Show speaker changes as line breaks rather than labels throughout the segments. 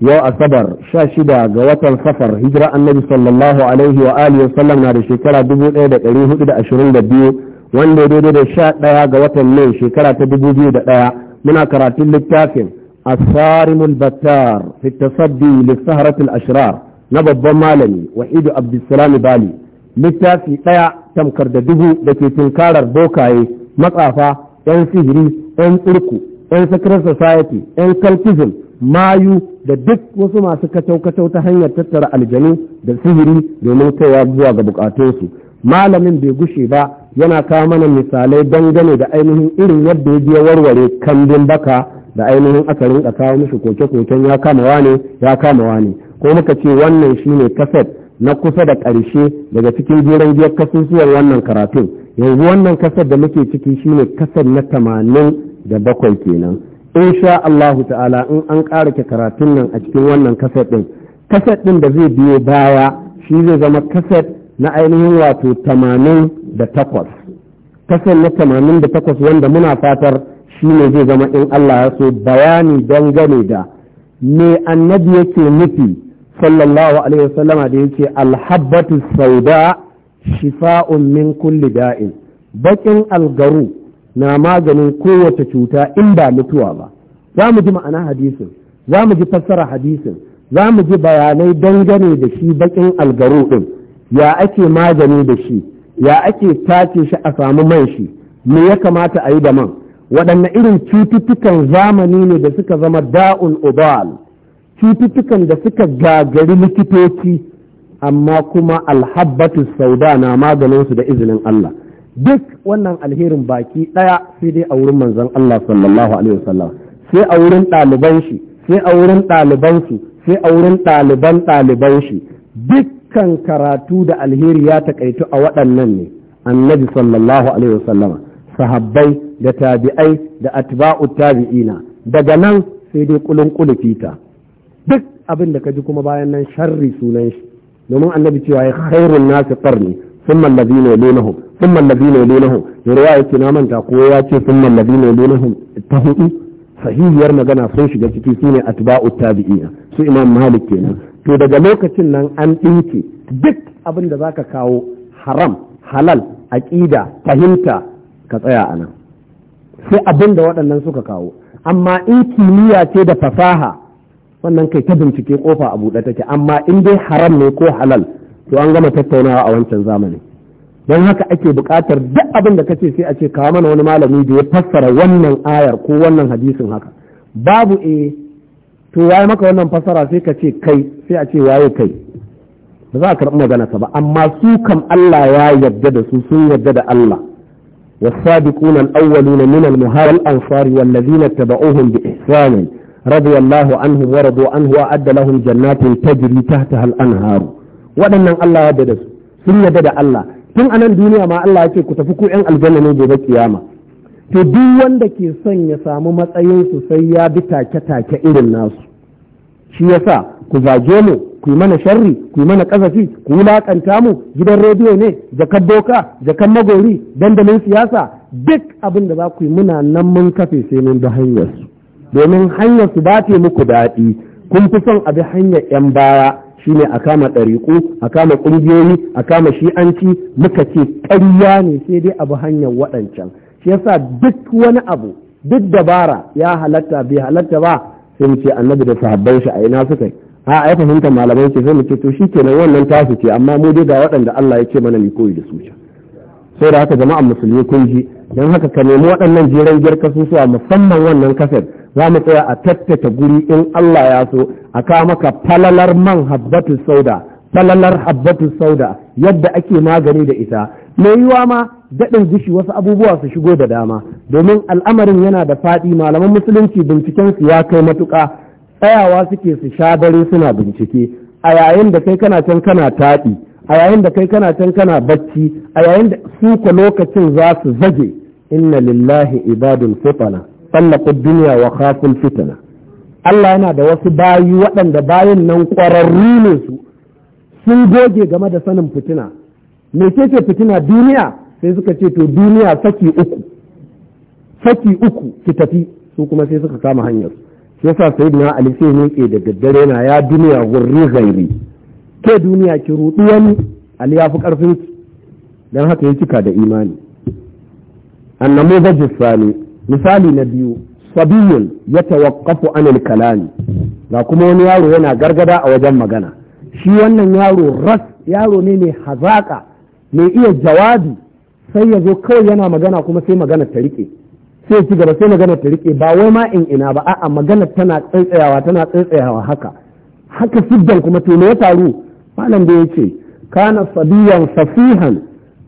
yau asabar sha shida ga watan safar hijira annabi sallallahu alaihi wa alihi wasallam na da shekara dubu ɗaya da ɗari hudu da ashirin da biyu wanda daidai da sha ɗaya ga watan mai shekara ta dubu biyu da ɗaya muna karatun littafin asarimul battar fi tasabbi lissaharatul ashirar na babban malami waidu abdulsalami bali littafi ɗaya tamkar da dubu da ke tunkarar bokaye matsafa 'yan sihiri 'yan tsirku 'yan secret society 'yan cultism mayu da duk wasu masu kacau-kacau ta hanyar tattara aljanu da sihiri domin kaiwa zuwa ga bukatunsu malamin bai gushe ba yana kawo mana misalai dangane da ainihin irin yadda ya biya warware kambin baka da ainihin aka rinka kawo mishi koke-koken ya kama ne ya kama wane ko muka ce wannan shine kaset na kusa da ƙarshe daga cikin jiran biyar kasusuwan wannan karatun yanzu wannan kasar da muke ciki shine kaset na tamanin da bakwai kenan insha allah ta'ala in an ke karatun nan a cikin wannan kaset ɗin kaset ɗin da zai biyo baya shi zai zama kaset na ainihin wato tamanin da takwas kaset na tamanin da takwas wanda muna fatar shi ne zai zama in Allah ya so bayani dangane da me annabi yake nufi sallallahu alaihi wasallama da yake alhabbatu sauda shifa'un min kulli da'in bakin algaru na maganin kowace cuta in ba mutuwa ba za mu ji ma'ana hadisin za mu ji fassara hadisin za mu ji bayanai dangane da shi bakin algaru ɗin ya ake magani da shi ya ake tace shi a samu man shi me ya kamata a yi da man waɗanne irin cututtukan zamani ne da suka zama da'un ubal cututtukan da suka gagari likitoci amma kuma alhabbatu sauda na maganinsu da izinin Allah duk wannan alherin baki ɗaya sai dai a wurin manzon Allah sallallahu alaihi wasallam sai a wurin ɗaliban shi sai a wurin ɗaliban su sai a wurin ɗaliban ɗaliban shi dukkan karatu da alheri ya takaitu a waɗannan ne annabi sallallahu alaihi wasallama sahabbai da tabi'ai da atba'u tabi'ina daga nan sai dai kulun kulufita duk abin da ka ji kuma bayan nan sharri sunan shi domin annabi cewa ya khairun nasu qarni ثم الذين يلونهم ثم الذين يلونهم رواية نامن تقوى ثم الذين يلونهم التهوئي sahihiyar magana sun shiga ciki sune atba'u tabi'ina su imam malik kenan to daga lokacin nan an dinke duk abinda da zaka kawo haram halal aqida fahimta ka tsaya anan sai abin da waɗannan suka kawo amma in kimiyya ce da fasaha wannan kai ta bincike kofa a buɗe take amma in dai haram ne ko halal to an gama tattaunawa a wancan zamani don haka ake buƙatar duk abin da kace sai a ce kawo mana wani malami da ya fassara wannan ayar ko wannan hadisin haka babu eh to waye maka wannan fassara sai ka ce kai sai a ce waye kai ba za a karɓi magana ba amma su kam Allah ya yarda da su sun yarda da Allah والسابقون الأولون من المهار الأنصار والذين تبعوهم بإحسان رضي الله عنهم ورضوا عنه وأعد لهم جنات تجري تحتها الأنهار waɗannan Allah ya da su sun yarda da Allah tun a nan duniya ma Allah ya ce ku tafi ku yan aljanna ne gobe kiyama to duk wanda ke son ya samu matsayin su sai ya bi take take irin nasu shi yasa ku zage mu ku yi mana sharri ku yi mana kazafi ku lakanta mu gidan rediyo ne jakar doka jakar magori dandalin siyasa duk abin da za ku yi muna nan mun kafe sai mun bi hanyar su domin hanyar su ba ta muku daɗi kun fi son a bi hanyar yan baya shine a kama ɗariƙu a kama ƙungiyoyi a kama shi'anci muka ce ƙarya ne sai dai abu hanyar waɗancan shi yasa duk wani abu duk dabara ya halatta bai halatta ba sai mu ce annabi da sahabban shi a ina suka yi a ai fahimta malaman ce sai mu ce to kenan wannan tasu ce amma mu dai ga waɗanda Allah ya ce mana mu koyi da su sai da haka jama'an musulmi kun ji don haka ka nemi waɗannan jiran giyar kasusuwa musamman wannan kaset za mu tsaya a tattata guri in Allah ya so a kawo maka falalar man habbatu sauda falalar habbatu sauda yadda ake magani da ita mai yiwa ma daɗin gushi wasu abubuwa su shigo da dama domin al'amarin yana da faɗi malaman musulunci binciken su ya kai matuƙa tsayawa suke su sha dare suna bincike a yayin da kai kana can kana taɗi a yayin da kai kana can kana bacci a yayin da su ka lokacin za su zage inna lillahi ibadun fitana tallaqu dunya wa khaful fitana Allah yana da wasu bayi waɗanda bayan nan ƙwararru ne su sun goge game da sanin fitina me ce ce fitina duniya sai suka ce to duniya saki uku saki uku ki tafi su kuma sai suka kama hanyar shi yasa sayyidina ali sai ne ke da daddare na ya duniya gurri gairi ke duniya ki ruɗu wani ali ya fi ƙarfin don haka ya cika da imani النموذج الثاني مثال نبي صبي يتوقف عن الكلام ga kuma wani yaro yana gargada a wajen magana shi wannan yaro ras yaro ne mai hazaka mai iya jawabi sai ya zo kawai yana magana kuma sai magana ta rike sai ci gaba sai magana ta rike ba wai ma in ina ba a'a magana tana tsaitsayawa tana tsaitsayawa haka haka sidan kuma to me ya faru malam da yace kana sabiyan safihan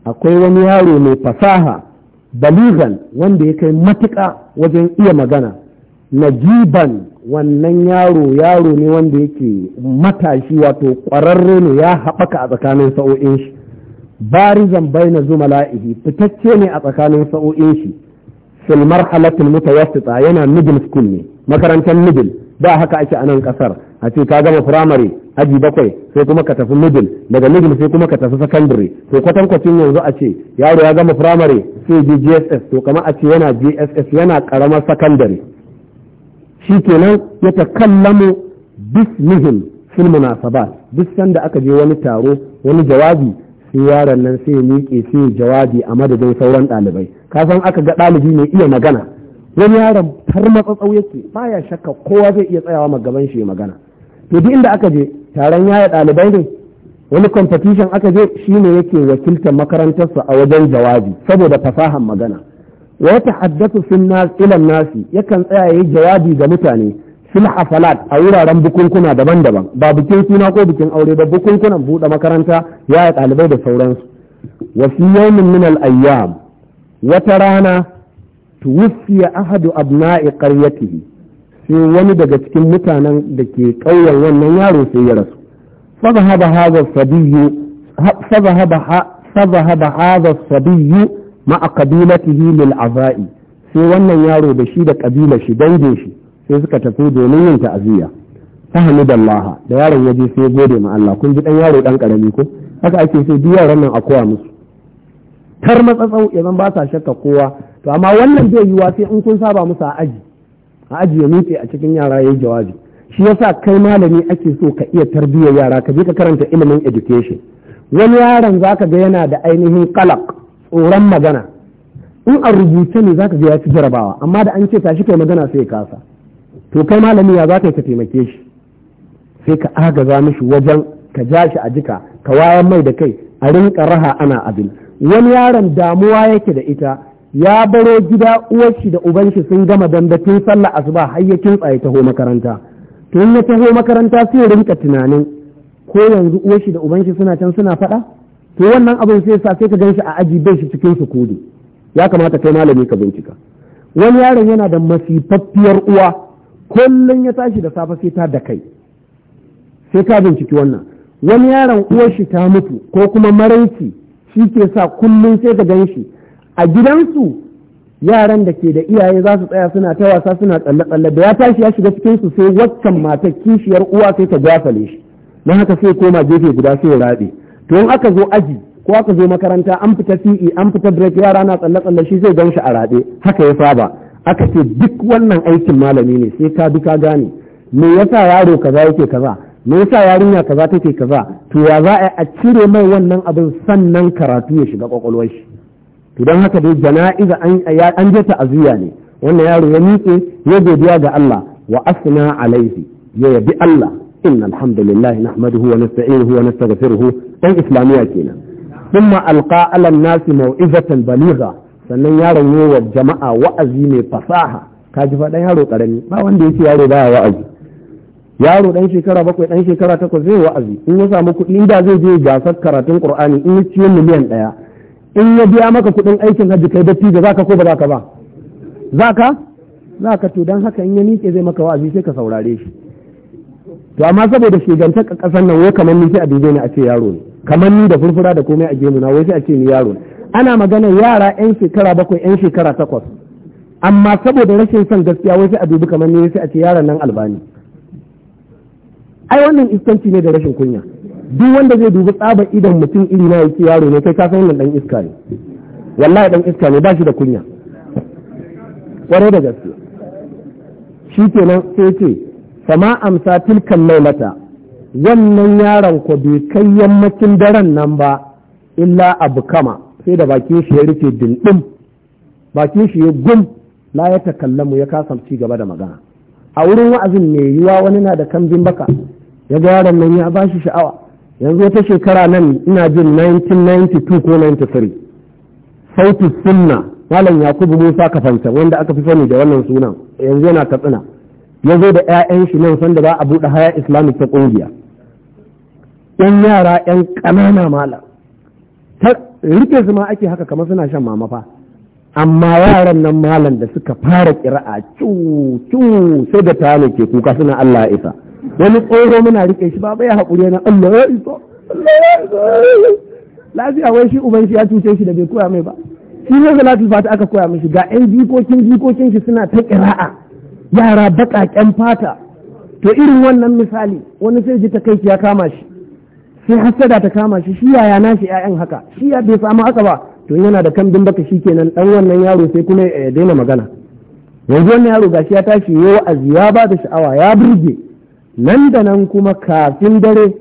akwai wani yaro mai fasaha baligan wanda ya kai matuƙa wajen iya magana najiban wannan yaro yaro ne wanda yake matashi wato ƙwararre ne ya haɓaka a tsakanin sa'o'in shi barizan zuma zumala'ihi fitacce ne a tsakanin sa'o'in shi fil marhalatul mutawassita yana middle school ne makarantar middle Ba haka ake a nan ƙasar, a ce ka gama primary aji bakwai sai kuma ka tafi middle daga middle sai kuma ka tafi secondary to kwatankwacin yanzu a ce yaro ya gama primary sai je gss to kamar a ce yana gss yana karamar secondary shikenan ya takallamu bismihim fil munasabat duk sanda aka je wani taro wani jawabi sai yaron nan sai miƙe sai jawabi a madadin sauran ɗalibai ka san aka ga ɗalibi mai iya magana wani yaron har matsatsau yake baya shakka kowa zai iya tsayawa ma gaban shi magana to duk inda aka je taron yaya ɗalibai ne wani competition aka je shi ne yake wakiltar makarantarsa a wajen jawabi saboda fasahan magana wata tahaddathu fil nas ila nasi yakan tsaya yayi jawabi ga mutane fil hafalat a wuraren bukunkuna daban-daban ba bikin suna ko bikin aure ba bukunkunan buɗe makaranta yaya ɗalibai da sauransu wa fi yawmin min al ayyam wata rana tuwfiya ahadu abna'i qaryatihi sai wani daga cikin mutanen da ke ƙauyen wannan yaro sai ya rasu fazahaba hadha sabiyyu fazahaba a sabiyyu ma'a lil azai sai wannan yaro da shi da ƙabila shi dangin shi sai suka tafi domin yin ta'aziyya fahimidallaha da yaron ya je sai gode ma Allah kun ji dan yaro dan karami ko haka ake so duk yaran nan a koya musu tar matsatsau idan ba sa shakka kowa to amma wannan bai yiwa sai in kun saba musu a aji a ajiye mutu a cikin yara ya yi jawabi shi yasa kai malami ake so ka iya tarbiyyar yara ka je ka karanta ilimin education wani yaron zaka ga yana da ainihin kalak tsoron magana in a rubuce ne ka ga ya ci jarabawa amma da an ce tashi kai magana sai ya kasa to kai malami ya zaka ka taimake shi sai ka agaza mishi wajen ka ja shi a jika ka wayar mai da kai a rinka raha ana abin wani yaron damuwa yake da ita ya baro gida uwarshi da ubanshi sun gama dambe tun sallah asuba har ya kintsa ya taho makaranta tun ya taho makaranta sai ya rinka tunanin ko yanzu uwarshi da ubanshi suna can suna faɗa to wannan abin sai sa sai ka ganshi a aji bai shi cikin kudi ya kamata kai malami ka bincika wani yaron yana da masifaffiyar uwa kullum ya tashi da safe sai ta da kai sai ka binciki wannan wani yaron uwarshi ta mutu ko kuma maraici shi ke sa kullum sai ka gan shi a gidansu yaran da ke da iyaye za su tsaya suna ta wasa suna tsalle-tsalle da ya tashi ya shiga cikin su sai waccan matar kishiyar uwa sai ta gafale shi don haka sai koma gefe guda sai ya rabe to in aka zo aji ko aka zo makaranta an fita fi'i e, an fita break yara na tsalle-tsalle shi zai gan shi a rabe haka ya saba aka ce duk wannan aikin malami ne sai ka bi ka gane me yasa yaro kaza yake kaza me yasa yarinya kaza take kaza to ya za a cire mai wannan abin sannan karatu ya shiga kwakwalwar shi to haka dai jana'iza an je ta'aziyya ne wannan yaro ya miƙe ya godiya ga Allah wa asna alaihi ya yabi Allah inna alhamdulillah nahmaduhu wa nasta'inuhu wa nastaghfiruhu dan islamiya kenan thumma alqa ala nasi mau'izatan baligha sannan yaron ne wa jama'a wa'azi mai fasaha kaji fa dan yaro karami ba wanda yake yaro baya wa'azi yaro dan shekara bakwai dan shekara takwas zai wa'azi in ya samu kuɗi inda zai je gasar karatun qur'ani in ya ciyo miliyan ɗaya in ya biya maka kuɗin aikin hajji kai datti da zaka ko ba zaka ba zaka zaka to dan haka in ya miƙe zai maka wa'azi sai ka saurare shi to amma saboda shiganta kasan nan wai kamar ni sai a dube ni a ce yaro ne kamar ni da furfura da komai a gemu na wai sai a ce ni yaro ne ana magana yara yan shekara bakwai yan shekara takwas amma saboda rashin son gaskiya wai sai a dubi kamar ni sai a ce yaron nan albani ai wannan iskanci ne da rashin kunya duk wanda zai dubi tsaba idan mutum iri na yake yaro ne kai ka san wannan dan iska ne wallahi dan iska ne ba shi da kunya kwarai da gaske shi kenan sai ce sama amsa tilkan lailata wannan yaron ko bai kai yammacin daren nan ba illa abu kama sai da bakin shi ya rufe dindim bakin shi ya gum la ya takallamu ya kasa ci gaba da magana a wurin wa'azin mai yiwa wani na da kambin baka ya ga yaron nan ya bashi sha'awa yanzu wata shekara nan ina jin 1992 ko 93 sautu sunna malam yakubu musa kafanta wanda aka fi sani da wannan sunan yanzu yana katsina ya zo da 'ya'yan shi nan sanda ba a buɗe haya islamic ta ƙungiya yan yara yan ƙanana malam rike su ma ake haka kamar suna shan mama fa amma yaran nan malam da suka fara ƙira'a cu cu sai da ta ke kuka suna allah isa wani tsoro muna rike shi ba bai haƙuri na Allah ya iso lafiya wai shi uban shi ya cuce shi da bai koya mai ba shi ne salatul fata aka koya mishi ga yan jikokin jikokin shi suna ta ƙira'a yara baƙaƙen fata to irin wannan misali wani sai ji ta kaici ya kama shi sai hassada ta kama shi shi yaya nashi ƴaƴan haka shi ya bai samu haka ba to yana da kambin baka shi kenan dan wannan yaro sai kuma ya daina magana yanzu wannan yaro gashi ya tashi ya wa'azi ya ba da sha'awa ya burge nan da nan kuma kafin dare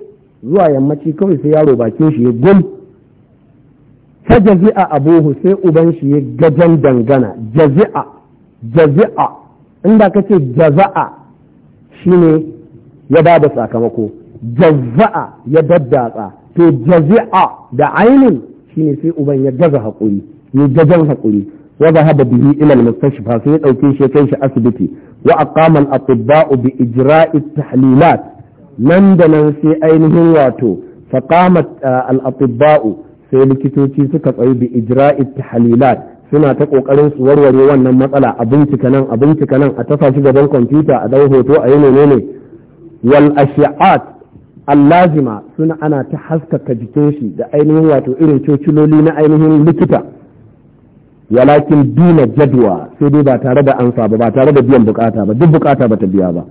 zuwa yammaci kawai sai yaro bakin shi ya gum ta jazi'a abuhu sai uban shi ya gajan dangana jazi'a jazi'a inda ka ce jaza'a shine ya ba da sakamako jaza'a ya daddatsa to jazi'a da ainin shine sai uban ya gaza haƙuri ya gajan haƙuri wa zahaba bihi ila al-mustashfa sai ya dauke shi ya kai shi asibiti wa aqama al-atibba'u bi ijra'i tahlilat nan da nan sai ainihin wato faqama al-atibba'u sai likitoci suka tsayi bi ijra'i tahlilat suna ta kokarin su warware wannan matsala a bincika nan a bincika nan a tafa shi gaban kwamfuta a dau hoto a yi menene wal ashi'at allazima suna ana ta haskaka jikin shi da ainihin wato irin cociloli na ainihin likita walakin duna jadwa sai dai ba tare da ansa ba ba tare da biyan bukata ba duk bukata ba ta biya ba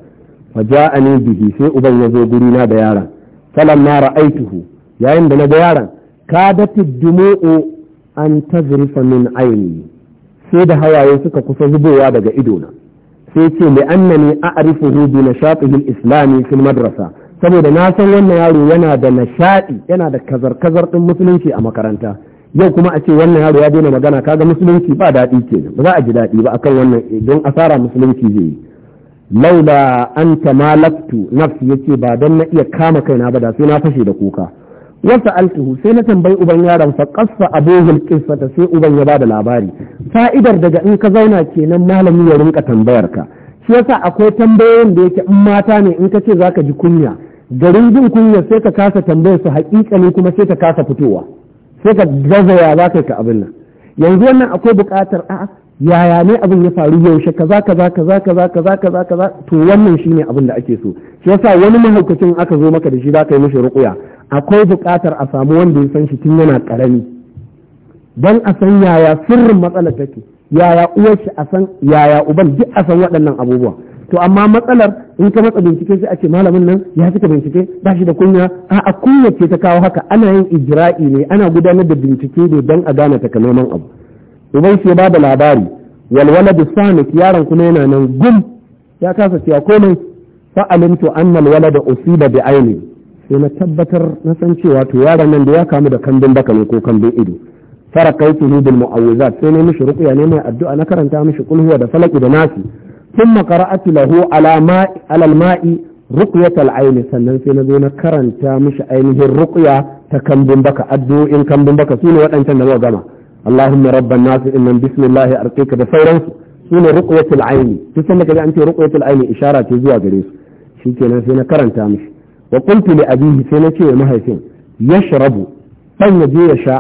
fa ja'ani bihi sai uban ya zo guri na da yaran falan na ra'aituhu yayin da na ga yaran kadatu dumu'u an tazrifa min aini sai da hawaye suka kusa zubowa daga idona sai ce li annani a'rifuhu bi nashatihi al-islami fil madrasa saboda na san wannan yaro yana da nashadi yana da kazar kazar din musulunci a makaranta yau kuma a ce wannan yaro ya daina magana kaga musulunci ba daɗi ke ba za a ji daɗi ba akan wannan don asara musulunci zai yi laula an ta malaktu nafsi yace ba don na iya kama kaina ba da sai na fashe da kuka Wasu altuhu sai na tambayi uban yaron fa qassa abuhul qissata sai uban ya bada labari fa'idar daga in ka zauna kenan malami ya rinka tambayar ka shi yasa akwai tambayoyin da yake in mata ne in ka ce zaka ji kunya garin bin kunya sai ka kasa tambayar su haƙiƙa ne kuma sai ka kasa fitowa sai ka gazaya za ka ka abin nan yanzu wannan akwai buƙatar a yaya ne abin ya faru yaushe kaza kaza kaza kaza kaza kaza kaza to wannan shine abin da ake so shi yasa wani mahaukacin aka zo maka da shi za ka yi mishi ruƙuya akwai buƙatar a samu wanda ya san shi tun yana ƙarami don a san yaya sirrin matsalar take yaya uwar shi a san yaya uban duk a san waɗannan abubuwa to amma matsalar in ka matsa bincike sai a ce malamin nan ya cika bincike ba shi da kunya a kunya ce ta kawo haka ana yin ijra'i ne ana gudanar da bincike ne don a gane takamaiman abu uban shi ba da labari walwala da sanik yaron kuma yana nan gum ya kasa cewa komai an anna da usiba da aini sai na tabbatar na san cewa to yaron nan da ya kamu da kambin baka ne ko kambin ido farakaitu bil mu'awwizat sai ne mishi ruqya ne mai addu'a na karanta mishi kulhuwa da falaki da nasi ثم قرأت له على ماء على الماء العين sannan sai na na karanta mishi ainihin ruqya ta kambun baka addu'o'in kambun baka sune waɗancan da zo gama Allahumma rabban nas innan bismillah arqika da sauransu sune ruqyatul ayn duk sanda kaje an ce ruqyatul ayn ishara ce zuwa gare su shikenan sai na karanta mishi wa qultu li abihi sai na ce wa mahaifin yashrabu dan yaje ya sha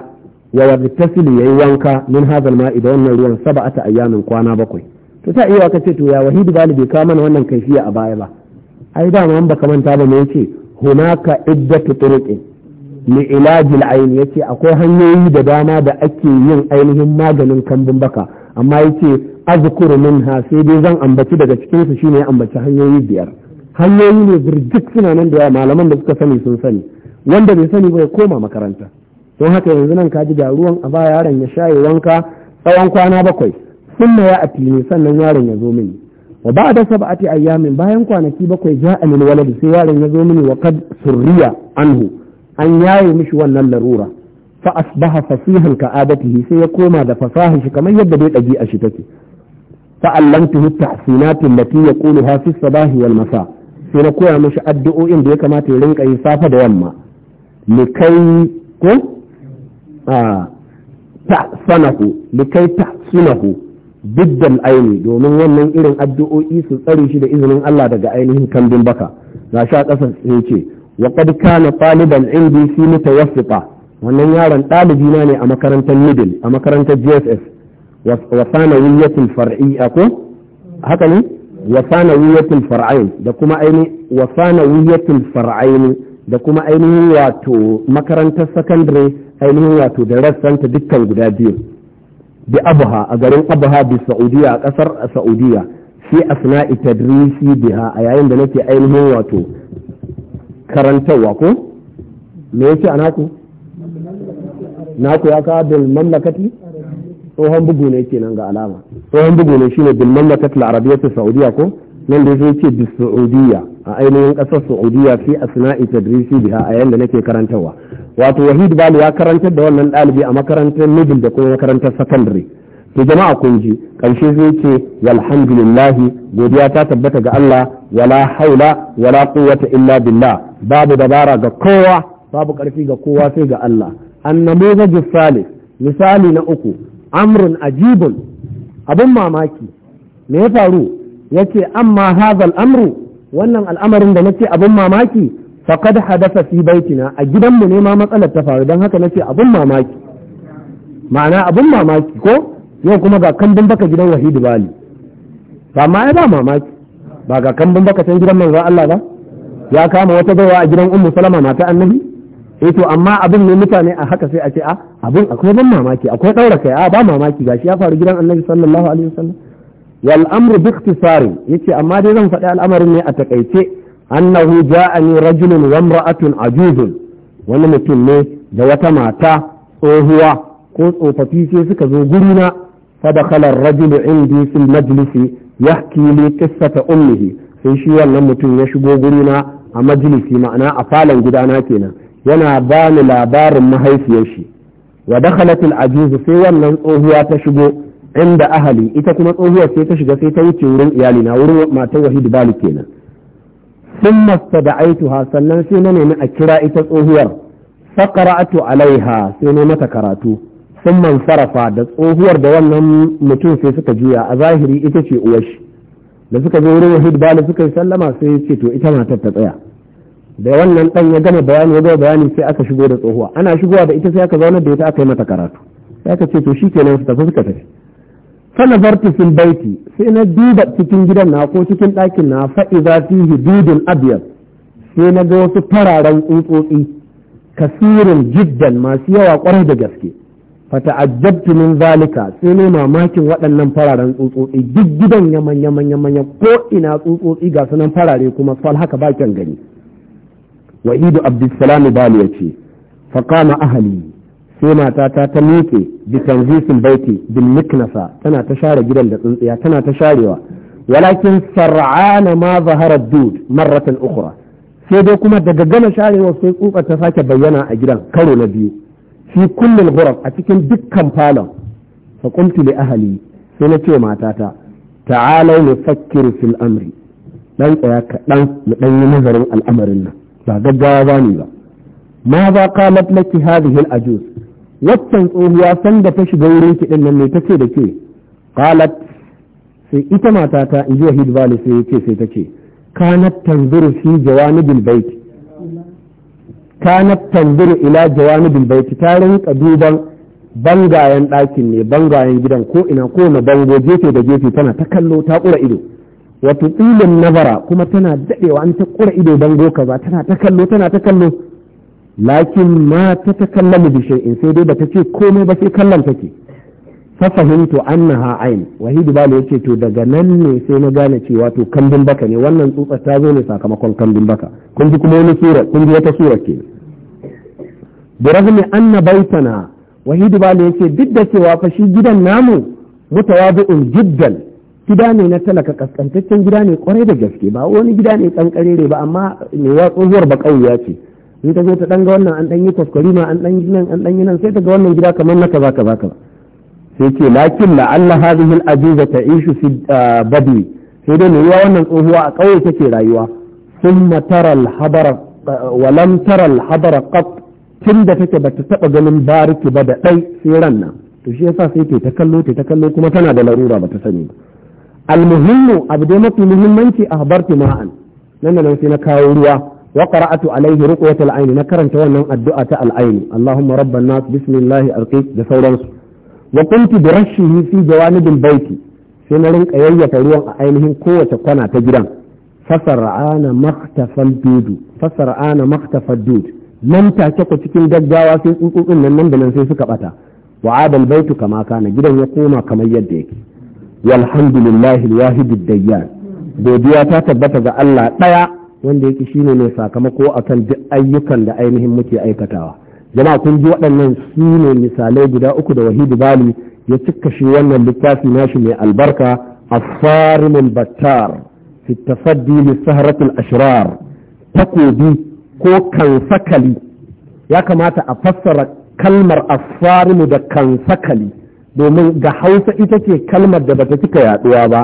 wa yaghtasil yayi wanka min hadha al-ma'i da wannan ruwan sab'ata ayyamin kwana bakwai to ta iya ka ce to ya wahidu bali bai kawo mana wannan kaifiya a baya ba ai da ma ka manta ba me yace hunaka iddatu turuqin li ilajil ayn yace akwai hanyoyi da dama da ake yin ainihin maganin kambun baka amma yace azkuru minha sai dai zan ambaci daga cikin su shine ya ambaci hanyoyi biyar hanyoyi ne birjik suna nan da malaman da suka sani sun sani wanda bai sani ba ya koma makaranta don haka yanzu nan ka ji da ruwan a ba yaron ya shaye wanka tsawon kwana bakwai sun ya ati ne sannan yaron ya zo mini wa ba da sab'ati ayyamin bayan kwanaki bakwai ja'a min walad sai yaron ya zo mini wa kad surriya anhu an yaye mishi wannan larura fa asbaha fasihan ka adatihi sai ya koma da fasaha shi kamar yadda dai a shi take fa allamtuhu ya allati yaquluha fi sabahi wal masa sai na koya mishi addu'o'in da ya kamata ya rinka yi safa da yamma likai ko a ah, ta sanahu likai ta sunahu biddal aini domin wannan irin addu'o'i su tsare shi da izinin Allah daga ainihin kambin baka ga sha ƙasa sai ce wa qad kana taliban indi fi mutawaffiqa wannan yaron dalibi na ne a makarantar middle a makarantar JSS wa sanawiyatul far'iyya ko haka ne wa sanawiyatul far'ain da kuma aini wa sanawiyatul far'ain da kuma ainihin wato makarantar secondary ainihin wato da rassanta dukkan guda biyu bi abuha a garin abuha bi saudiya a kasar saudiya fi asna'i tadrisi biha a yayin da nake ainihin wato karantarwa ko me yake a naku naku ya kawo bil mamlakati tsohon bugu ne nan ga alama tsohon bugu ne shine bil mamlakati al-arabiyyah saudiya ko nan da yake ce bi saudiya a ainihin kasar saudiya fi asna'i tadrisi biha a yayin da nake karantarwa wato wahid bali ya karantar da wannan ɗalibi a makarantar middle da kuma makarantar secondary to jama'a kun ji ƙarshe zai ce walhamdulillahi godiya ta tabbata ga Allah wala haula wala quwwata illa billah babu dabara ga kowa babu ƙarfi ga kowa sai ga Allah annabi zaji salih misali na uku amrun ajibun abun mamaki me ya faru yace amma hazal amru wannan al'amarin da nake abun mamaki faqad hadatha fi baitina a gidanmu ne ma matsalar ta faru don haka nace abun mamaki ma'ana abun mamaki ko yau kuma ga kambun baka gidan wahidu bali ba ma ba mamaki ba ga kambun baka san gidan manzon Allah ba ya kama wata baiwa a gidan ummu salama mata annabi eh to amma abin ne mutane a haka sai a ce a abun akwai ban mamaki akwai daura kai a ba mamaki gashi ya faru gidan annabi sallallahu alaihi wasallam wal amru bi ikhtisari yace amma dai zan faɗi al'amarin ne a takaice annahu ja'ani rajulun wa imra'atun ajuzun wani mutum ne da wata mata tsohuwa ko tsofaffi sai suka zo gurina فدخل الرجل عندي في المجلس يحكي لي قصة أمه sai shi wannan mutum ya shigo gurina a majalisi ma'ana a falon gidana kenan yana ba ni labarin mahaifiyar shi wa dakhalat ajuzu sai wannan tsohuwa ta shigo da ahali ita kuma tsohuwar sai ta shiga sai ta wuce wurin iyalina wurin matan wahid bali kenan sun masta da aituha sannan sai na nemi a kira ita tsohuwar a alaiha sai na mata karatu sun man sarrafa da tsohuwar da wannan mutum sai suka juya a zahiri ita ce uwashi da suka zo wurin wahid bala suka yi sallama sai ya ce to ita matar ta tsaya da wannan dan ya gama bayani ya gama bayani sai aka shigo da tsohuwa ana shigowa da ita sai aka zauna da ita aka yi mata karatu sai aka ce to shikenan su tafi suka tafi fanazartu baiti sai na duba cikin gidan na ko cikin ɗakin na fa'iza fihi dudun abyad sai na ga wasu fararen tsutsotsi kasirin jiddan masu yawa ƙwarar da gaske fata'ajjabtu min zalika sai ne mamakin waɗannan fararen tsutsotsi duk gidan ya manya manya ko ina tsutsotsi ga sunan farare kuma sal haka bakin gani wa'idu abdussalam bali ce, fa ahali. ahli sai matata ta miƙe bi tanzisin baiti bil miknasa tana ta share gidan da tsintsiya tana ta sharewa walakin sar'ana ma zahara dud marratan ukhra sai dai kuma daga gama sharewa sai tsufa ta sake bayyana a gidan karo na biyu fi kullil ghuraf a cikin dukkan falon fa qultu li ahli sai na ce matata ta'alau nufakkiru fil amri dan tsaya kaɗan mu ɗan yi nazarin al'amarin nan ba gaggawa ba ba ma za qalat laki hadhihi al ajuz waccan tsohuwa sanda ta shiga wurin kiɗin nan ne ta ce da ke qalat sai ita matata in ji wahid bali sai ya sai ta kanat tanzuru fi jawanibil bait kanat tanzuru ila jawanibil bait ta rinka duban bangayen ɗakin ne bangayen gidan ko ina ko na bango gefe da gefe tana ta kallo ta ƙura ido wato ilin nabara kuma tana daɗewa an ta ƙura ido bango kaza tana ta kallo tana ta kallo lakin ma ta kallama bi in sai dai ba ta ce komai ba sai kallon take fa fahimtu annaha ayn wahid bala yace to daga nan ne sai na gane cewa to kambin baka ne wannan tsutsar ta zo ne sakamakon kambin baka kun ji kuma wani sura kun ji wata sura ke bi rahmi anna baitana wahid bala yace duk da cewa fa shi gidan namu mutawadu'un jiddan gida ne na talaka kaskantaccen gida ne kwarai da gaske ba wani gida ne kankarere ba amma ne watsuwar ba kauya ce in ta zo ta ɗanga wannan an ɗan yi an ɗan nan an nan sai ta ga wannan gida kamar na kaza kaza kaza sai ce lakin la'alla hadhihi al-ajuza ta'ishu fi ah, badwi sai dai yiwa wannan tsohuwa a kauye take rayuwa thumma tara al-habara ah, wa lam tara al-habara qat tunda take bata taba ganin bariki ba da dai sai ran nan to shi yasa sai ta kallo ta kallo kuma tana da larura bata sani ba al-muhimmu abu dai mafi muhimmanci a habarti ma'an nan da sai na kawo ruwa wa qara'atu alaihi ruqyatul ayn na karanta wannan addu'a ta al-ayn Allahumma rabban nas bismillah alqik da sauransu wa kuntu rashin rashihi fi jawanibil baiti sai na rinka yayyata ruwan a ainihin kowace kwana ta gidan fasar'ana maktafal dudu fasar'ana maktafal dud nan take ku cikin gaggawa sai tsutsutsun nan nan da nan sai suka bata wa adal baitu kama kana gidan ya koma kamar yadda yake walhamdulillahi alwahidid dayyan godiya ta tabbata ga Allah ɗaya wanda yake ne mai sakamako kan duk ayyukan da ainihin muke aikatawa jama'a kun ji waɗannan su ne misalai guda uku da wahidu bali ya cika shi wannan littafi nashi mai albarka a al-battar fi tafaddi li sahratil ashrar takobi ko kansakali ya kamata a fassara kalmar asarimu da kansakali domin ga hausa ita ce kalmar da bata cika yaduwa ba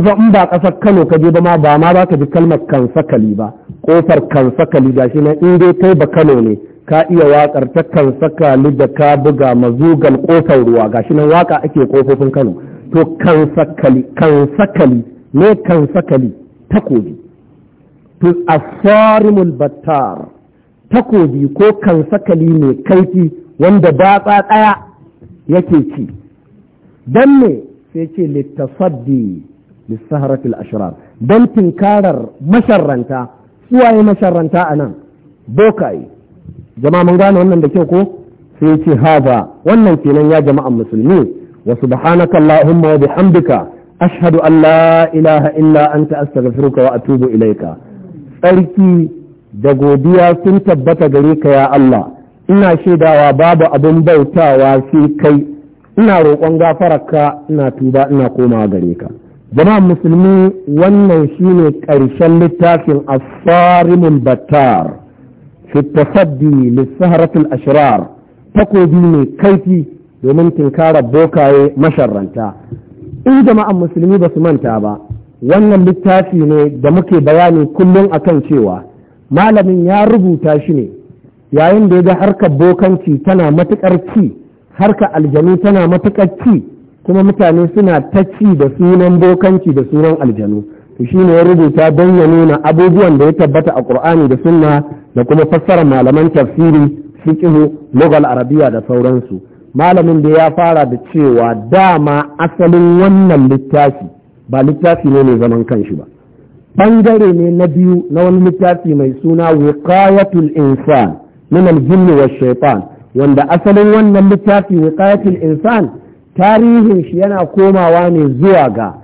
kusa in ba kasar kano ka je ba ma ba ma ba ka ji kalmar kansakali ba ƙofar kansakali ga shi na in dai kai ba kano ne ka iya waƙar ta kansakali da ka buga mazugal kofar ruwa ga shi nan waƙa ake ƙofofin kano to kansakali kansakali ne kansakali takobi to asarimul battar takobi ko kansakali mai kaifi wanda batsa ɗaya yake ci don me sai ce littafaddi lissaharatul ashrar don tinkarar masharranta suwaye masharranta a nan bokaye jama'a gane wannan da kyau ko sai ce wannan kenan ya jama'an musulmi wa subhanaka allahumma wa bihamdika ashhadu an la ilaha illa anta astaghfiruka wa atubu ilaika tsarki da godiya sun tabbata gare ka ya Allah ina shaidawa babu abin bautawa sai kai ina roƙon gafararka ina tuba ina komawa gare ka jama'an musulmi wannan shine ƙarshen littafin asarimul batar, fi tasaddi lissaharatul ashrar takobi mai kaifi domin tinkara bokaye masharranta in jama'an musulmi ba su manta ba wannan littafi ne da muke bayani kullum akan cewa malamin ya rubuta shi ne yayin da ya ga harkar bokanci tana matuƙar ci harkar aljanu tana matuƙar ci kuma mutane suna ta ci da sunan bokanci da sunan aljanu to ne ya rubuta don ya nuna abubuwan da ya tabbata a qur'ani da sunna da kuma fassarar malaman tafsiri fiqhu lugal arabiya da sauransu malamin da ya fara da cewa dama asalin wannan littafi ba littafi ne mai zaman kanshi ba bangare ne na biyu na wani littafi mai suna wiqayatul insan min al-jinni wash-shaytan wanda asalin wannan littafi wiqayatul insan tarihin shi yana komawa ne zuwa ga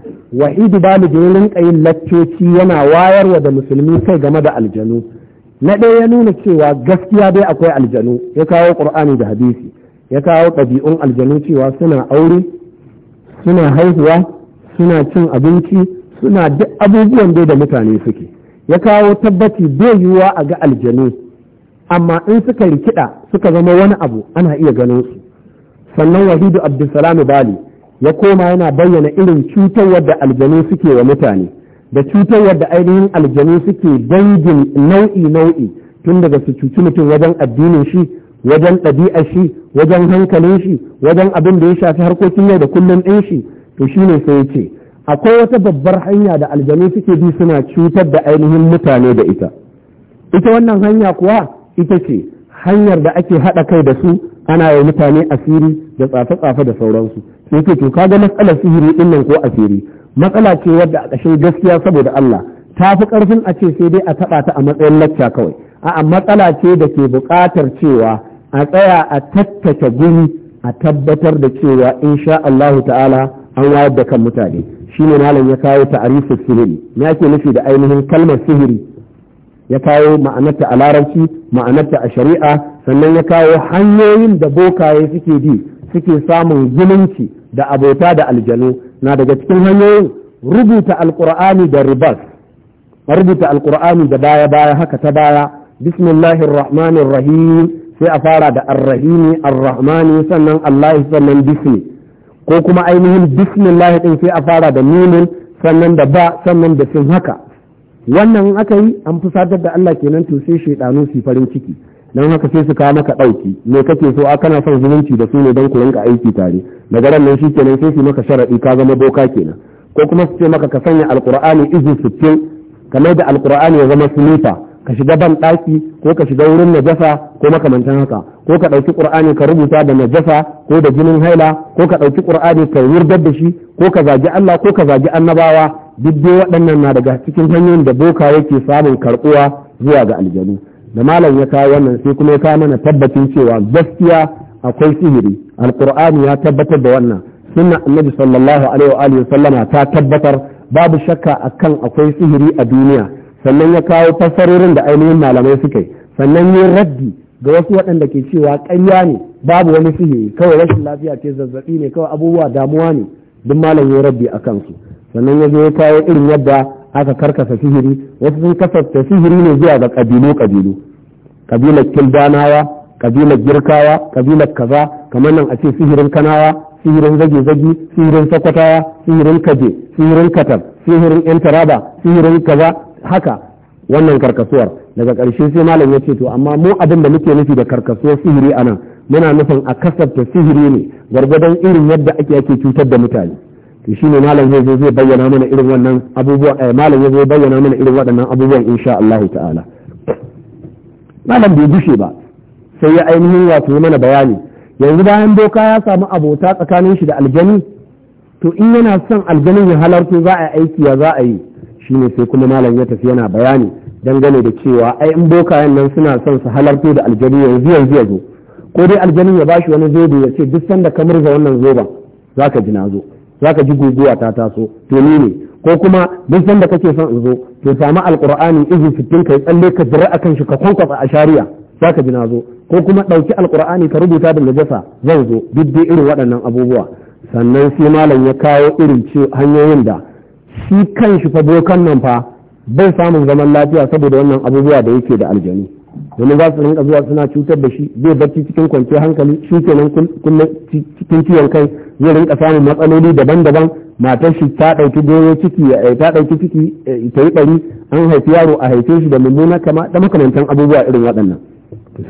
wahidu balu da rinka yin laccoci yana wayarwa da musulmi kai game da aljanu na ɗaya ya nuna cewa gaskiya dai akwai aljanu ya kawo ƙur'ani da hadisi ya kawo ɗabi'un aljanu cewa suna aure suna haihuwa suna cin abinci suna duk abubuwan dai da mutane suke ya kawo tabbaci bai yiwuwa a ga aljanu amma in suka rikida suka zama wani abu ana iya ganin su sannan wahidu abdulsalam bali ya koma yana bayyana irin cutarwar da aljanu suke wa mutane da cutarwar da ainihin aljanu suke dangin nau'i nau'i tun daga su cuci mutum wajen addinin shi wajen ɗabi'ar shi wajen hankalin shi wajen abin da ya shafi harkokin yau da kullum ɗin shi to shine sai ya ce akwai wata babbar hanya da aljanu suke bi suna cutar da ainihin mutane da ita ita wannan hanya kuwa ita ce hanyar da ake haɗa kai da su ana yi mutane asiri da tsafe-tsafe da sauransu sai ke to kaga matsalar sihiri din nan ko asiri matsala ce wadda a ƙashin gaskiya saboda Allah ta fi ƙarfin a ce sai dai a taɓa ta a matsayin lacca kawai a'a matsala ce da ke buƙatar cewa a tsaya a tattace guri a tabbatar da cewa insha Allahu ta'ala an wayar da kan mutane shine malam ya kawo ta'arifus sihiri me ake nufi da ainihin kalmar sihiri ya kawo ma'anarta a larabci ma'anarta a shari'a sannan ya kawo hanyoyin da bokaye suke bi suke samun zumunci da abota da aljanu na daga cikin hanyoyin rubuta alkur'ani da ribas rubuta alkur'ani da baya baya haka ta baya bismillahir rahmanir rahim sai a fara da arrahimi arrahmani sannan Allah sannan bismi ko kuma ainihin bismillah din sai a fara da mimin sannan da ba sannan da sin haka wannan aka yi an fi fusatar da Allah kenan to sai shaidanu su farin ciki don haka sai su kawo maka ɗauki me kake so a kana son zumunci da su ne don ku rinka aiki tare daga ran nan shikenan sai su maka sharaɗi ka zama boka kenan ko kuma su ce maka ka sanya alkur'ani izin sittin kamar da alkur'ani ya zama sunifa ka shiga ban ɗaki ko ka shiga wurin najasa ko makamantan haka ko ka ɗauki ƙur'ani ka rubuta da najasa ko da jinin haila ko ka ɗauki ƙur'ani ka wurdar da shi ko ka zagi Allah ko ka zagi annabawa duk dai waɗannan na daga cikin hanyoyin da boka yake samun karɓuwa zuwa ga aljanu da malam ya kawo wannan sai kuma ya kawo mana tabbacin cewa gaskiya akwai sihiri alqur'ani ya tabbatar da wannan sunna annabi sallallahu alaihi wa sallama ta tabbatar babu shakka akan akwai sihiri a duniya sannan ya kawo fassarorin da ainihin malamai suka yi sannan yin raddi ga wasu waɗanda ke cewa ƙarya ne babu wani sihiri kawai rashin lafiya ce zazzaɓi ne kawai abubuwa damuwa ne duk malam ya rabbi a kansu sannan ya zo ya kawo irin yadda aka karkasa sihiri wasu sun kasafta sihiri ne zuwa ga kabilu kabilu kabilar kildanawa kabilar girkawa kabilar kaza kamar nan a ce sihirin kanawa sihirin zage-zage sihirin sakwatawa sihirin kaje sihirin katar sihirin yan taraba sihirin kaza haka wannan karkasuwar daga ƙarshe sai malam ya ce to amma mu abin da muke nufi da karkasuwar sihiri anan muna nufin a kasafta sihiri ne gwargwadon irin yadda ake ake cutar da mutane to shine malam zai bayyana mana irin wannan abubuwa eh, malam zo bayyana mana irin waɗannan abubuwan insha Allah ta'ala malam bai gushe ba sai ya ainihin wato mana bayani yanzu bayan doka ya samu abota tsakanin shi da aljani to in yana son aljanin ya halarto za a yi aiki ya za a yi shine sai kuma malam ya tafi yana bayani dangane da cewa ai in bokayen nan suna son su halarto da aljani yanzu yanzu ya zo ko dai aljanin ya bashi wani zobe ya ce duk sanda ka ga wannan zoben zaka ji na zo Za ka ji guguwa ta taso to ni ne ko kuma duk sanda kake son in zo to sami alqur'ani izu sittin kai tsalle ka dira akan shi ka kwankwasa a shari'a Za ka ji na zo ko kuma ɗauki alqur'ani ka rubuta da najasa zan zo duk dai irin waɗannan abubuwa sannan sai malam ya kawo irin ce hanyoyin da shi kan shi fa bokan nan fa bai samun zaman lafiya saboda wannan abubuwa da yake da aljanu domin za su rinka zuwa suna cutar da shi zai barci cikin kwanciyar hankali shi kenan kullum cikin ciwon kai zai rinka samun matsaloli daban-daban matar shi ta ɗauki goyo ciki eh, ta ɗauki ciki eh, ta yi ɓari an haifi yaro a haife shi da mummuna kama da makamantan abubuwa irin waɗannan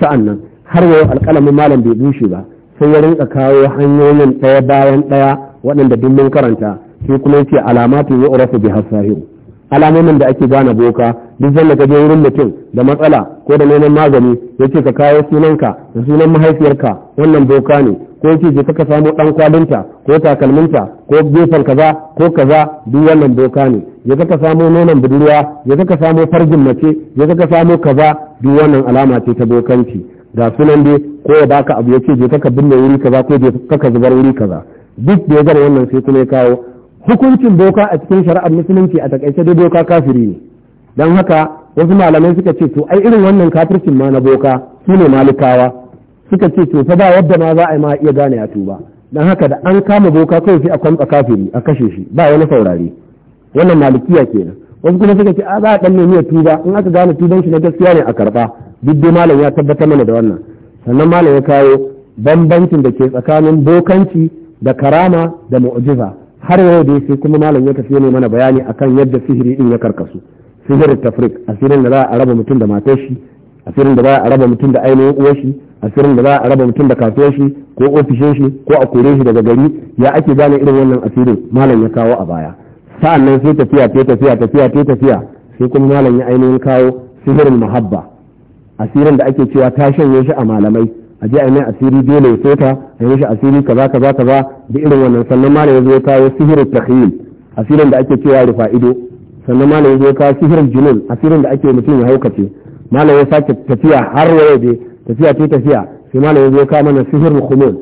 sa'an nan har yau alƙalamin malam bai bushe ba sai ya rinka kawo hanyoyin ɗaya bayan ɗaya waɗanda duk mun karanta sai kuma yake alamatu ya urafu bi hasahiru alamomin da ake gane boka duk zan ka je wurin mutum da matsala ko da neman magani ya ce ka kawo sunanka da sunan mahaifiyarka wannan boka ne ko yake ce ka samo dan kwalinta ko takalminta ko gefen kaza ko kaza duk wannan boka ne ya ka samo nonon budurwa ya ka samo farjin mace ya ka samo kaza duk wannan alama ce ta bokanci ga sunan dai ko ya baka abu ya ce je ka binne wuri kaza ko je ka zubar wuri kaza duk da ya wannan sai kuma ya kawo hukuncin boka a cikin shari'ar musulunci a takaice dai boka kafiri ne don haka wasu malamai suka ce to ai irin wannan kafircin ma na boka su ne malikawa suka ce to fa ba wadda ma za a yi ma iya gane a tuba don haka da an kama boka kawai sai a kwamfa kafiri a kashe shi ba wani saurare wannan malikiya kenan wasu kuma suka ce a za a dan nemi ya tuba in aka gane tuban shi na gaskiya ne a karba duk dai malam ya tabbatar mana da wannan sannan malam ya kawo bambancin da ke tsakanin bokanci da karama da mu'ujiza. har yau da sai kuma malam ya tafi ne mana bayani akan yadda sihiri din ya karkasu sihirin tafrik asirin da za a raba mutum da matar shi asirin da za a raba mutum da ainihin uwar shi asirin da za a raba mutum da kasuwar shi ko ofishin shi ko a kore shi daga gari ya ake gane irin wannan asirin malam ya kawo a baya sa'annan sai tafiya sai tafiya tafiya ta tafiya sai kuma malam ya ainihin kawo sihirin muhabba asirin da ake cewa ta shanye shi a malamai a ji a mai asiri dole ya sota a yi asiri kaza kaza kaza da irin wannan sannan malam ya zo ya kawo sihirin asirin da ake cewa rufa ido sannan malam ya zo kawo sihirin junun asirin da ake mutum ya haukace malam ya sake tafiya har waye dai tafiya ta tafiya sai malam ya zo kawo mana sihirin khumul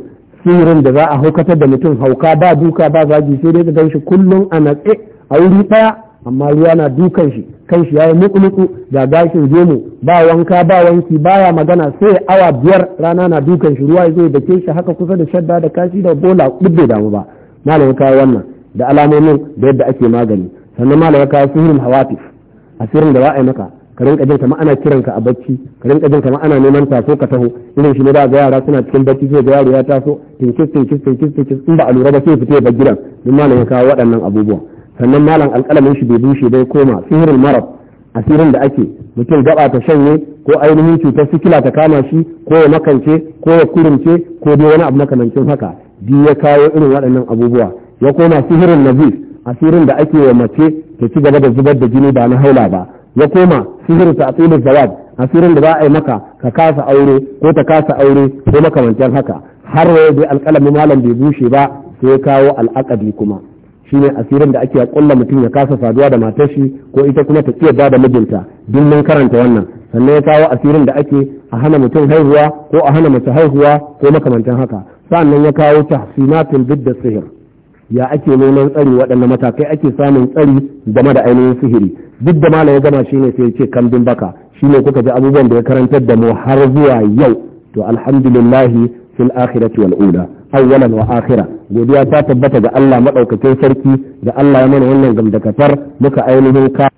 sihirin da za a haukatar da mutum hauka ba duka ba zagi sai dai ka ganshi kullum a natse a wuri daya amma ruwa na dukan shi kan shi yayi muku ga gashin gemu ba wanka ba wanki baya magana sai awa biyar rana na dukan shi ruwa zai dake shi haka kusa da shadda da kashi da bola duk bai damu ba malamin kawo wannan da alamomin da yadda ake magani sannan malamin kawo sihirin hawatif asirin da za maka ka rinka jin kamar ana kiran ka a bacci ka rinka jin kamar ana neman taso ka taho irin shi ne da ga yara suna cikin bacci sai ga yaro ya taso tinkis tinkis tinkis tinkis in ba a lura ba sai fita ba gidan duk malamin kawo waɗannan abubuwa. sannan malam alƙalamin shi bai bushe bai koma sihirin marab asirin da ake mutum gaba ta shanye ko ainihin cutar sikila ta kama shi ko ya makance ko ya kurumce ko dai wani abu makamancin haka duk ya kawo irin waɗannan abubuwa ya koma sihirin nazis asirin da ake wa mace ta ci gaba da zubar da jini ba na haula ba ya koma sihirin ta asilin zawad asirin da za a yi maka ka kasa aure ko ta kasa aure ko makamancin haka har waye dai alƙalamin malam bai bushe ba sai kawo al'akadi kuma shine asirin da ake kulla mutum ya kasa saduwa da matar shi ko ita kuma ta kiyar da mijinta duk mun karanta wannan sannan ya kawo asirin da ake a hana mutum haihuwa ko a hana mace haihuwa ko makamantan haka sannan ya kawo tahsinatul bid da sihir ya ake neman tsari waɗannan matakai ake samun tsari game da ainihin sihiri duk da malam ya gama shine sai ya ce kambin baka shine kuka ji abubuwan da ya karantar da mu har zuwa yau to alhamdulillah fil akhirati wal ula awwalan wa akhira godiya ta tabbata ga Allah madaukakin sarki da Allah ya mana wannan gamdakatar muka ainihin ka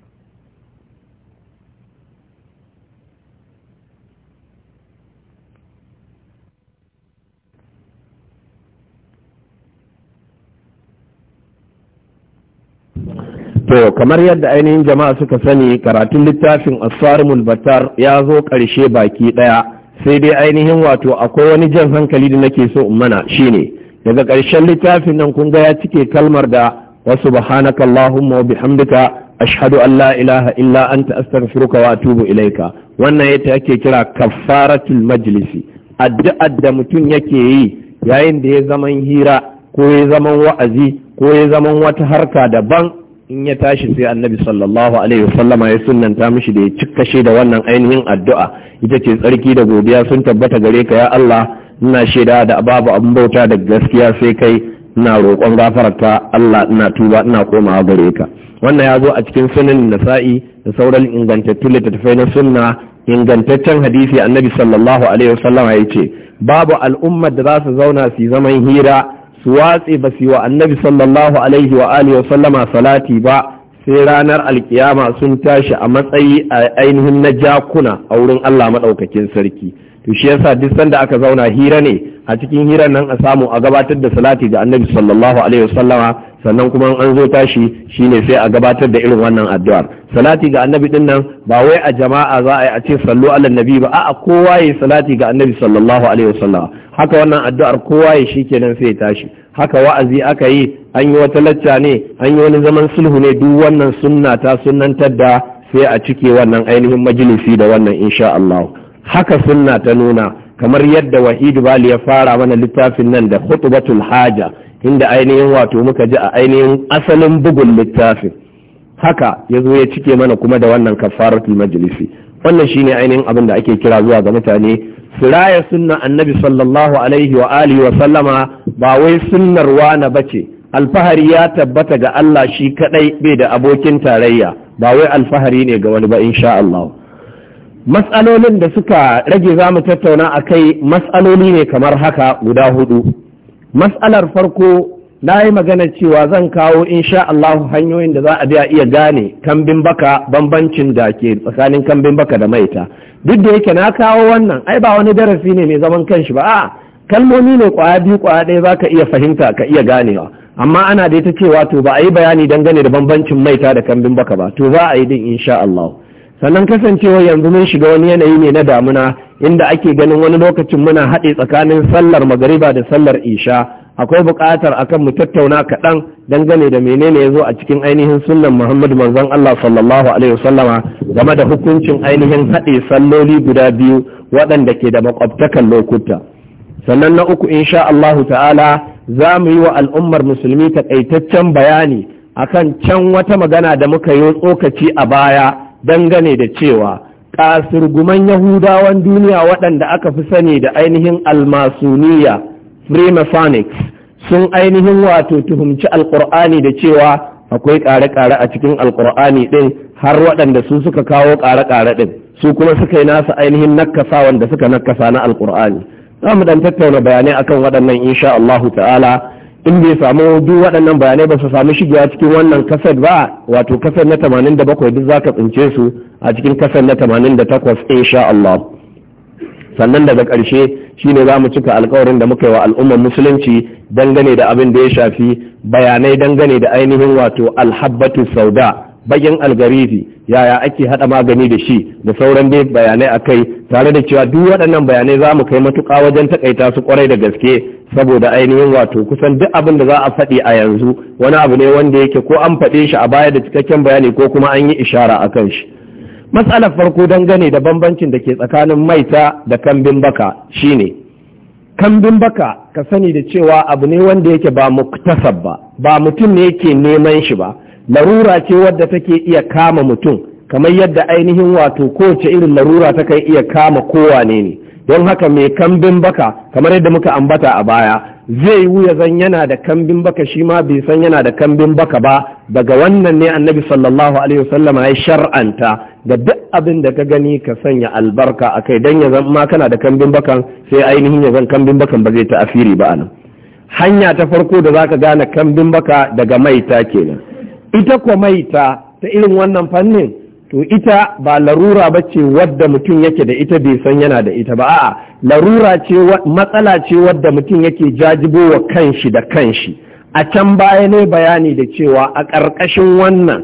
To kamar yadda ainihin jama'a suka sani karatun littafin asarimul batar ya zo ƙarshe baki ɗaya sai dai ainihin wato akwai wani jan hankali da nake so in mana shine daga ƙarshen littafin nan kun ga ya cike kalmar da wa subhanaka allahumma wa bihamdika ashhadu an la ilaha illa anta astaghfiruka wa atubu ilaika wannan yadda ake kira kaffaratul majlisi addu'ar da mutum yake yi yayin da ya zaman hira ko ya zaman wa'azi ko ya zaman wata harka daban in ya tashi sai annabi sallallahu alaihi wasallama ya sunanta mishi da ya cika da wannan ainihin addu'a ita ce tsarki da godiya sun tabbata gare ka ya Allah ina shaida da babu abin bauta da gaskiya sai kai ina roƙon gafararka Allah ina tuba ina komawa gare ka wannan ya zo a cikin sunan nasa'i da sauran ingantattun littattafai na sunna ingantaccen hadisi annabi sallallahu alaihi wasallama ya ce babu al'ummar da za su zauna su zaman hira su watse ba su wa annabi sallallahu alaihi wa alihi wa sallama salati ba sai ranar alkiyama sun tashi a matsayi a ainihin na jakuna a wurin Allah maɗaukakin sarki to shi yasa duk sanda aka zauna hira ne a cikin hiran nan a samu a gabatar da salati ga annabi sallallahu alaihi wasallama sannan kuma an zo tashi shine sai a gabatar da irin wannan addu'ar salati ga annabi din nan ba wai a jama'a za a yi a ce sallu ala nabi ba a'a kowa yayi salati ga annabi sallallahu alaihi wasallama haka wannan addu'ar kowa ya shikenan sai ya tashi haka wa'azi aka yi an yi wata lacca ne an yi wani zaman sulhu ne duk wannan sunna ta sunnantar da sai a cike wannan ainihin majalisi da wannan insha Allah haka sunna ta nuna kamar yadda wahidu bali ya fara mana littafin nan da khutbatul haja inda ainihin wato muka ji a ainihin asalin bugun littafin haka ya zo ya cike mana kuma da wannan kafaratul majlisi wannan shine ainihin abin da ake kira zuwa ga mutane siraya sunna annabi sallallahu alaihi wa alihi wa sallama ba wai sunnar wana bace alfahari ya tabbata ga Allah shi kadai bai da abokin tarayya ba wai alfahari ne ga wani ba insha Allah matsalolin da suka rage za mu tattauna a kai matsaloli ne kamar haka guda hudu matsalar farko na yi magana cewa zan kawo insha Allah hanyoyin da za a biya iya gane kambin baka bambancin da ke tsakanin kambin baka da maita duk da yake na kawo wannan ai ba wani darasi ne mai zaman kanshi ba a kalmomi ne kwaya biyu kwaya ɗaya za ka iya fahimta ka iya ganewa amma ana da ita cewa to ba a yi bayani dangane da bambancin maita da kambin baka ba to za a yi din insha Allah sannan kasancewa yanzu mun shiga wani yanayi ne na damuna inda ake ganin wani lokacin muna haɗe tsakanin sallar magariba da sallar isha akwai buƙatar akan mu tattauna kaɗan dangane da menene ya zo a cikin ainihin sunan muhammadu manzon allah sallallahu alaihi wasallama game da hukuncin ainihin haɗe salloli guda biyu waɗanda ke da makwabtakan lokuta sannan na uku insha allahu ta'ala za mu yi wa al'ummar musulmi taƙaitaccen bayani akan can wata magana da muka yi tsokaci a baya dangane da cewa kasurguman yahudawan duniya waɗanda aka fi sani da ainihin almasuniya freemasonics sun ainihin wato tuhumci Alƙur'ani da cewa akwai ƙare-ƙare a cikin Alƙur'ani ɗin har waɗanda su suka kawo ƙare-ƙare ɗin su kuma suka yi nasa ainihin nakasa wanda suka nakasa na Alƙur'ani. za mu ɗan tattauna bayanai akan waɗannan insha Allahu ta'ala in bai samu duk waɗannan bayanai ba su sami shigewa cikin wannan kaset ba wato kaset na 87 duk ka tsince su a cikin kaset na 88 insha Allah sannan daga ƙarshe shine za mu cika alkawarin da muka yi wa al'ummar musulunci dangane da abin da ya shafi bayanai dangane da ainihin wato alhabbatu sauda bayan algarifi yaya ake hada magani da shi da sauran dai bayanai akai tare da cewa duk waɗannan bayanai za mu kai matuƙa wajen takaita su kwarai da gaske saboda ainihin wato kusan duk abin da za a faɗi a yanzu wani abu ne wanda yake ko an faɗe shi a baya da cikakken bayani ko kuma an yi ishara a kan shi matsalar farko dangane da bambancin da ke tsakanin maita da kambin baka shine kambin baka ka sani da cewa abu ne wanda yake ba muktasab ba ba mutum ne yake neman shi ba larura ce wadda take iya kama mutum kamar yadda ainihin wato kowace irin larura ta kai iya kama kowane ne don haka mai kambin baka kamar yadda muka ambata a baya zai wuya zan yana da kambin baka shi ma bai san yana da kambin baka ba daga wannan ne annabi sallallahu alaihi wasallama ya shar'anta da duk abin da ka gani ka sanya albarka a kai don ya zan ma kana da kambin bakan sai ainihin ya zan kambin bakan ba zai ta'afiri ba anan hanya ta farko da zaka gane kambin baka daga maita kenan ita kwa maita ta irin wannan fannin to ita ba larura ba ce wadda mutum yake da ita bai san yana da ita ba a'a larura ce matsala ce wadda mutum yake jajibowa kanshi da kanshi a can baya ne bayani da cewa a ƙarƙashin wannan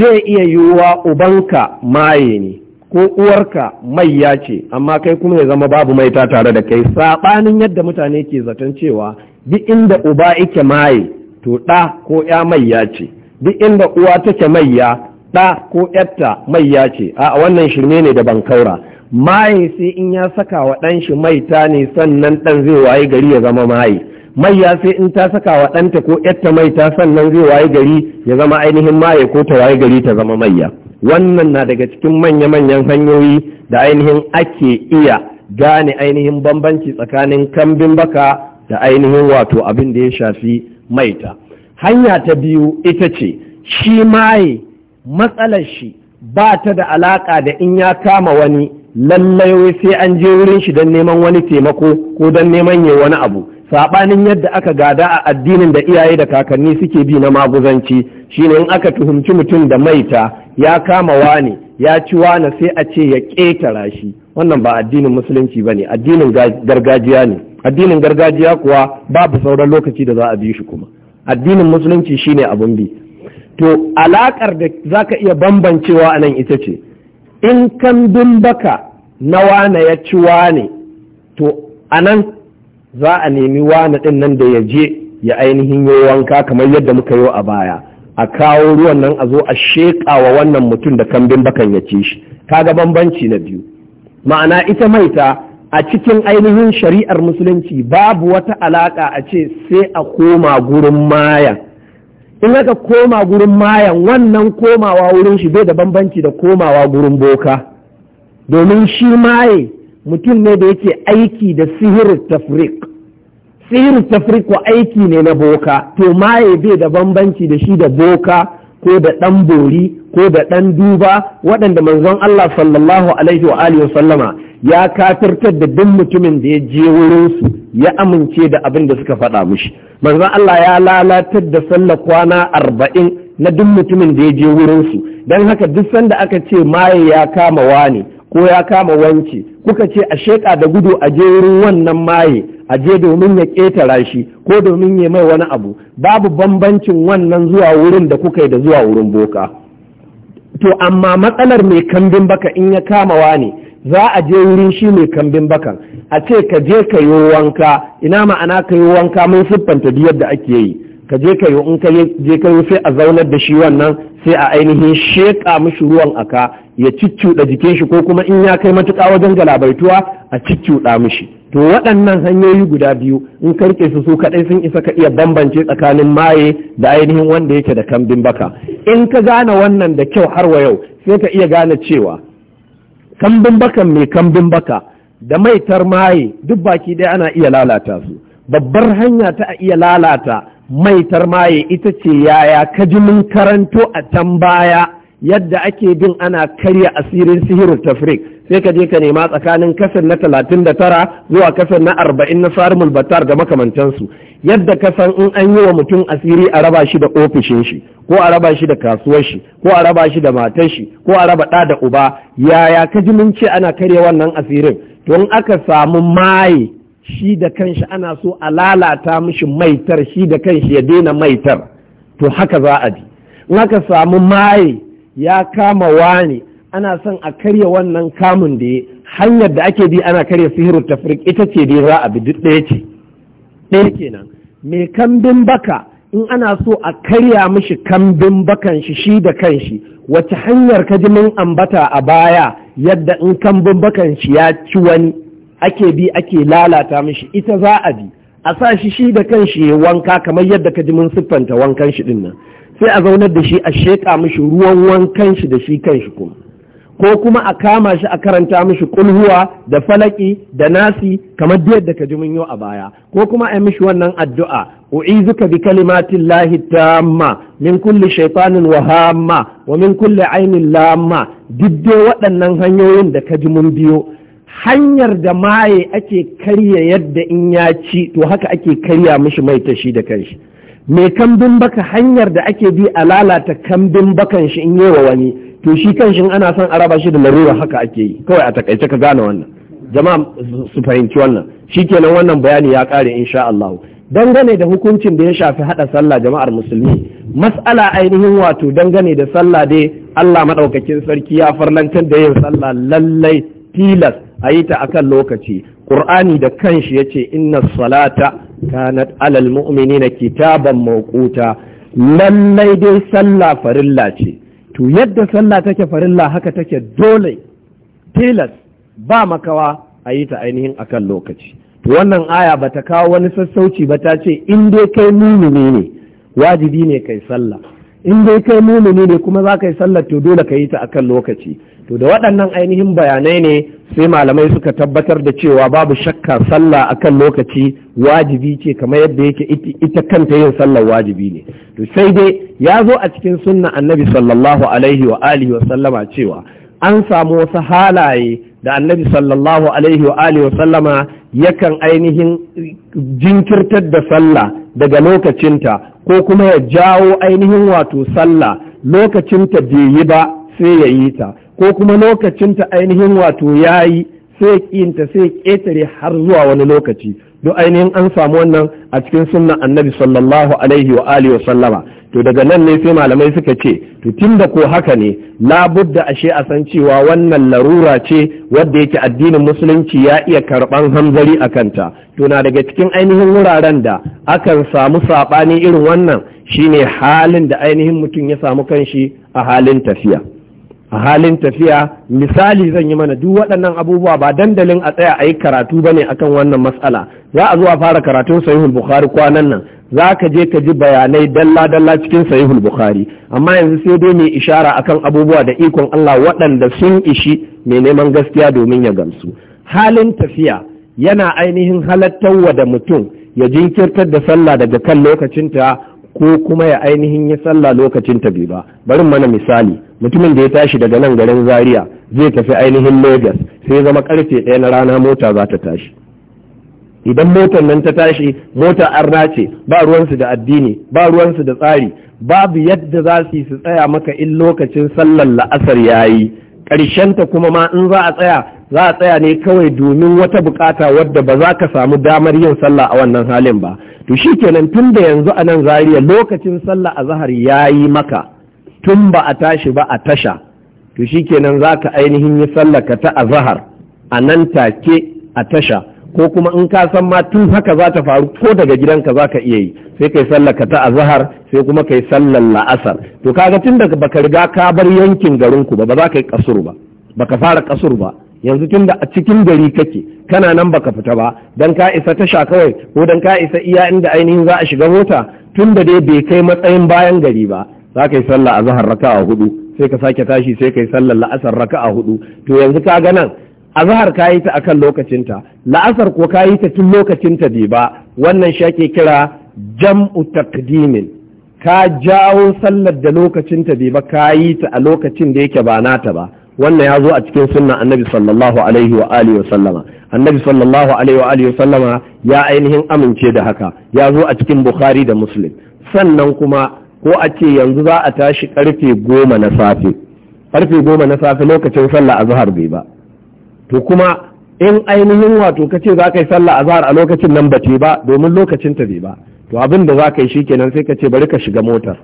zai iya yiwuwa ubanka maye ne ko uwarka ya ce amma kai kuma ya zama babu mai ta tare da kai saɓanin yadda mutane ke zaton cewa duk inda uba yake maye to ɗa ko ya ya ce duk inda uwa take maiya ɗa ko yatta mai ya ce a wannan shirme ne da bankaura maye sai in ya saka wa ɗan shi maita ne sannan ɗan zai waye gari ya zama maye maiya sai in ta saka wa ɗanta ko yatta maita sannan zai waye gari ya zama ainihin maye ko ta waye gari ta zama mai wannan na daga cikin manya-manyan hanyoyi da ainihin ake iya gane ainihin bambanci tsakanin kambin baka da ainihin wato abin da ya shafi maita hanya ta biyu ita ce shi maye matsalar shi ba ta da alaƙa da in ya kama wani lallai sai an je wurin shi don neman wani taimako ko don neman ya wani abu saɓanin yadda aka gada a addinin da iyaye da kakanni suke bi na maguzanci shine in aka tuhumci mutum da maita ya kama wani ya ci wane sai a ce ya ƙetara shi wannan ba addinin musulunci ba ne addinin gargajiya ne addinin gargajiya kuwa babu sauran lokaci da za a bi shi kuma addinin musulunci shine abun bi to alaƙar da za ka iya bambancewa a nan ita ce in kambin baka na wane ya ci wane to a nan za a nemi wane ɗin nan da ya je ya ainihin yi wanka kamar yadda muka yi a baya a kawo ruwan nan a zo a sheƙa wa wannan mutum da kambin bakan ya ci shi kaga bambanci na biyu ma'ana ita maita a cikin ainihin shari'ar musulunci babu wata alaƙa a ce sai a koma gurin mayan in aka koma gurin mayan wannan komawa wurin shi bai da bambanci da komawa gurin boka domin shi maye mutum ne da yake aiki da sihir tafrik sihirin tafrik ko aiki ne na boka to maye bai da bambanci da shi da boka ko da ɗan bori ko da ɗan duba waɗanda manzon Allah sallallahu alaihi wa alihi sallama ya kafirtar da duk mutumin da ya je wurinsu ya amince da abin da suka faɗa mushi manzon Allah ya lalatar da sallah kwana arba'in na duk mutumin da ya je wurinsu don haka duk sanda aka ce maye ya kama wani ko ya kama wance kuka ce a sheƙa da gudu a je wurin wannan maye a je domin ya ƙetara shi ko domin ya mai wani abu babu bambancin wannan zuwa wurin da kuka yi da zuwa wurin boka to amma matsalar mai kambin baka in ya kama wani za a je wurin shi mai kambin bakan a ce ka je ka yi wanka ina ma'ana ka yi wanka mun siffanta duk da ake yi ka je ka yi in ka je ka yi sai a zaunar da shi wannan sai a ainihin sheƙa mishi ruwan aka ya ciccuɗa jikin shi ko kuma in ya kai matuƙa wajen galabaituwa a ciccuɗa mishi to waɗannan hanyoyi guda biyu in ka rike su su kaɗai sun isa ka iya bambance tsakanin maye da ainihin wanda yake da kambin baka in ka gane wannan da kyau har wa yau sai ka iya gane cewa kambin bakan mai kambin baka da maitar maye duk baki ɗaya ana iya lalata su babbar hanya ta iya lalata mai, maye ita ce yaya kajimin mun karanto a can baya yadda ake bin ana karya asirin sihirin tafrik sai ka je ka nema tsakanin kasar na talatin da tara zuwa kasar na arba'in na farimul batar da makamantansu yadda ka san in an yi wa mutum asiri a raba shi da ofishin shi ko a raba shi da kasuwar shi ko a raba shi da matar shi ko a raba ɗa da uba yaya ka ji mun ce ana karya wannan asirin to in aka samu maye shi da kanshi ana so a lalata mishi maitar shi da kanshi ya daina maitar to haka za a ji. in aka samu maye ya kama wani ana son a karya wannan kamun da hanyar da ake bi ana karya sihirin tafrik ita ce dai za a bi duk ɗaya ce ɗaya kenan mai kambin baka in ana so a karya mishi kambin bakan shi shi da kanshi wace hanyar ka ji mun ambata a baya yadda in kambin bakan shi ya ci wani ake bi ake lalata mishi ita za a bi a sa shi shi da kanshi ya wanka kamar yadda ka ji mun siffanta wankan shi din sai a zaunar da shi a sheƙa mishi ruwan wankan shi da shi kanshi kuma ko kuma a kama shi a karanta mishi kulhuwa da falaki da nasi kamar yadda ka ji mun yau a baya ko kuma a yi mishi wannan addu'a ka bi kalimatin lahi tamma min kulli shaytanin wahama. wa min kulli ainin lamma didde waɗannan hanyoyin da ka ji mun biyo hanyar da maye ake karya yadda in ya ci to haka ake karya mishi mai ta shi da kanshi Me kambin baka hanyar da ake bi a lalata kambin bakan shi in yi wa wani to shi kanshin ana son a raba shi da larura haka ake yi kawai a takaice ka gane wannan jama'a su fahimci wannan shikenan wannan bayani ya kare insha Allah dangane da hukuncin da ya shafi hada sallah jama'ar musulmi mas'ala ainihin wato dangane da sallah dai Allah madaukakin sarki ya farlantar da yin sallah lallai tilas a yi ta akan lokaci qur'ani da kanshi yace inna salata kanat alal mu'minina kitaban mawquta lallai dai sallah farilla ce to yadda sallah take farilla haka take dole tilas ba makawa a yi ta ainihin akan lokaci to wannan aya ba ta kawo wani sassauci ba ta ce in dai kai mumini ne wajibi ne kai sallah in dai kai mumini ne kuma za ka yi sallah to dole ka yi ta akan lokaci to da waɗannan ainihin bayanai ne sai malamai suka tabbatar da cewa babu shakka sallah akan lokaci wajibi ce kamar yadda yake ita kanta yin sallar wajibi ne to sai dai ya zo a cikin sunna annabi sallallahu alaihi wa alihi wa sallama cewa an samu wasu halaye da annabi sallallahu alaihi wa alihi wa sallama yakan ainihin jinkirtar da sallah daga lokacinta ko kuma ya jawo ainihin wato sallah lokacinta bai yi ba sai ya yi ta ko kuma lokacinta ainihin wato ya yi sai kinta sai ƙetare har zuwa wani lokaci don ainihin an samu wannan a cikin sunnan annabi sallallahu alaihi wa alihi wa sallama to daga nan ne sai malamai suka ce to tunda ko haka ne labudda ashe a san cewa wannan larura ce wadda yake addinin musulunci ya iya karban hanzari a kanta to na daga cikin ainihin wuraren da akan samu saɓani irin wannan shine halin da ainihin mutum ya samu kanshi a halin tafiya a halin tafiya misali zan yi mana duk waɗannan abubuwa ba dandalin a tsaya a yi karatu ba ne akan wannan matsala za a zuwa fara karatun sahihul bukhari kwanan nan za ka je ka ji bayanai dalla dalla cikin sahihul bukhari amma yanzu sai dai mai ishara akan abubuwa da ikon Allah waɗanda sun ishi mai neman gaskiya domin ya gamsu halin tafiya yana ainihin halattarwa da mutum ya jinkirtar da sallah daga kan lokacinta ko kuma ya ainihin ya sallah lokacinta bai ba bari mana misali mutumin da ya tashi daga nan garin zaria zai tafi ainihin lagos sai zama karfe ɗaya na rana mota za ta tashi idan motar nan ta tashi mota arna ce ba ruwansu da addini ba ruwansu da tsari babu yadda za su yi su tsaya maka in lokacin sallar la'asar ya yi ta kuma ma in za a tsaya za a tsaya ne kawai domin wata bukata wadda ba za ka samu damar yin sallah a wannan halin ba to shi kenan tun da yanzu a nan zariya lokacin sallah a zahar ya yi maka tun ba a tashi ba a tasha to shikenan za ka ainihin yi sallaka ta azahar a nan take a tasha ko kuma in ka san ma tun haka za ta faru ko daga gidanka za ka iya yi sai kai sallaka ta zahar sai kuma kai sallan la'asar to kaga tun daga baka riga ka bar yankin garinku ba ba za ka yi kasur ba baka fara kasur ba yanzu tun da a cikin gari kake kana nan baka fita ba dan ka isa tasha kawai ko dan ka isa iya inda ainihin za a shiga mota tun da dai bai kai matsayin bayan gari ba za ka yi sallah a zahar a hudu sai ka sake tashi sai ka yi sallar la'asar raka'a hudu to yanzu ka ga nan zahar ka yi ta akan lokacinta la'asar ko ka yi ta tun lokacinta bai ba wannan shi ake kira jam'u taqdimin ka jawo sallar da lokacinta bai ba ka yi ta a lokacin da yake ba nata ba wannan ya zo a cikin sunna annabi sallallahu alaihi wa alihi wa sallama annabi sallallahu alaihi wa alihi wa sallama ya ainihin amince da haka ya zo a cikin bukhari da muslim sannan kuma ko a ce yanzu za a tashi karfe goma na safe karfe goma na safe lokacin sallah azhar bai ba to kuma in ainihin wato ka ce za ka yi sallah azhar a lokacin nan ba ce ba domin lokacin ta bai ba to abin da za ka yi shikenan sai ka ce bari ka shiga mota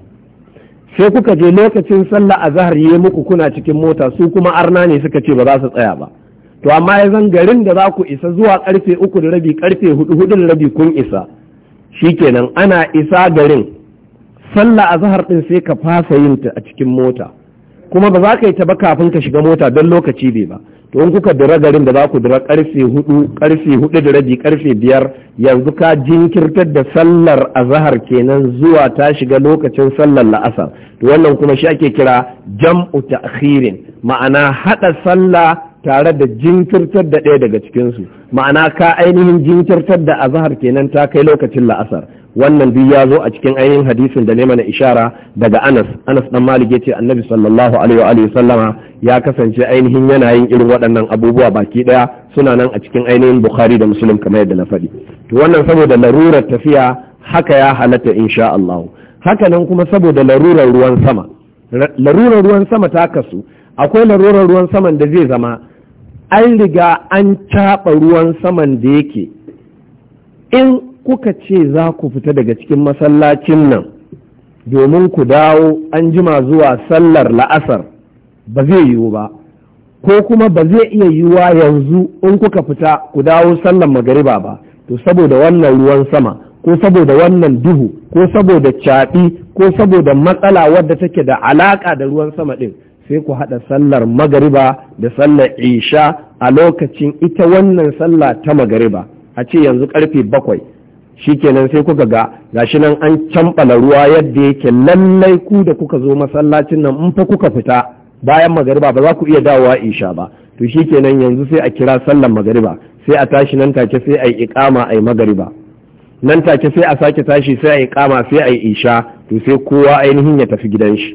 sai kuka je lokacin sallah a azhar yi muku kuna cikin mota su kuma arna ne suka ce ba za su tsaya ba to amma ya zan garin da za ku isa zuwa karfe uku da rabi karfe hudu hudu da rabi kun isa shi kenan ana isa garin sallah zahar ɗin sai ka fasa yin ta a cikin mota kuma ba za ka yi ta ba kafin ka shiga mota don lokaci bai ba to in kuka dira garin da za ku dira karfe hudu karfe hudu da rabi karfe biyar yanzu ka jinkirtar da sallar azahar kenan zuwa ta shiga lokacin sallar la'asar to wannan kuma shi ake kira jam'u ta'khirin ma'ana hada sallah tare da jinkirtar da ɗaya daga cikin su ma'ana ka ainihin jinkirtar da azahar kenan ta kai lokacin la'asar wannan duk ya zo a cikin ainihin hadisin da ne mana ishara daga Anas Anas dan Malik yace Annabi sallallahu alaihi wa sallama ya kasance ainihin yana yin irin waɗannan abubuwa baki daya suna nan a cikin ainihin Bukhari da Muslim kamar yadda na faɗi to wannan saboda larurar tafiya haka ya halatta insha Allah haka nan kuma saboda larurar ruwan sama larurar ruwan sama ta kasu akwai larurar ruwan saman da zai zama an riga an taɓa ruwan saman da yake in kuka ce za ku fita daga cikin masallacin nan domin ku dawo an jima zuwa sallar la'asar ba zai yiwu ba ko kuma ba zai iya yiwuwa yanzu in kuka fita ku dawo sallar magariba ba to saboda wannan ruwan sama ko saboda wannan duhu ko saboda caɓi ko saboda matsala wadda take da alaƙa da ruwan sama ɗin sai ku haɗa sallar magariba da sallar isha a lokacin ita wannan sallah ta magariba a ce yanzu ƙarfe bakwai shikenan sai kuka ga gashi nan an cambala ruwa yadda yake lallai ku da kuka zo masallacin nan in fa kuka fita bayan magariba ba za ku iya dawowa isha ba to shikenan yanzu sai a kira sallan magariba sai a tashi nan take sai a yi iqama a yi magariba nan take sai a sake tashi sai a yi iqama sai a yi isha to sai kowa ainihin ya tafi gidan shi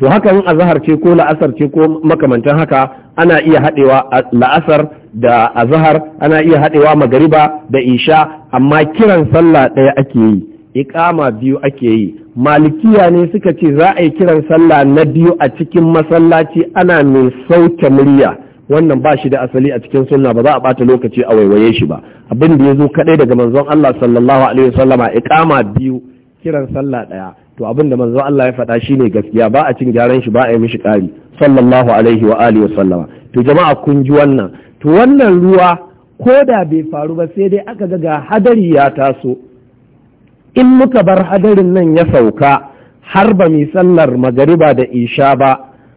to haka in azhar ce ko la'asar ce ko makamantan haka ana iya haɗewa la'asar da azhar ana iya haɗewa magariba da isha amma kiran sallah ɗaya ake yi iqama biyu ake yi malikiya ne suka ce za a yi kiran sallah na biyu a cikin masallaci ana mai sauke murya wannan ba shi da asali a cikin sunna ba za a bata lokaci a waiwaye shi ba abin da ya zo kaɗai daga manzon Allah sallallahu alaihi wasallama iqama biyu kiran sallah ɗaya to abin da manzon Allah ya faɗa shine gaskiya ba a cin gyaran shi ba a yi mishi ƙari sallallahu alaihi wa alihi wasallama to jama'a kun ji wannan to wannan ruwa ko da bai faru ba sai dai aka ga hadari ya taso in muka bar hadarin nan ya sauka har ba mu sallar magariba da isha ba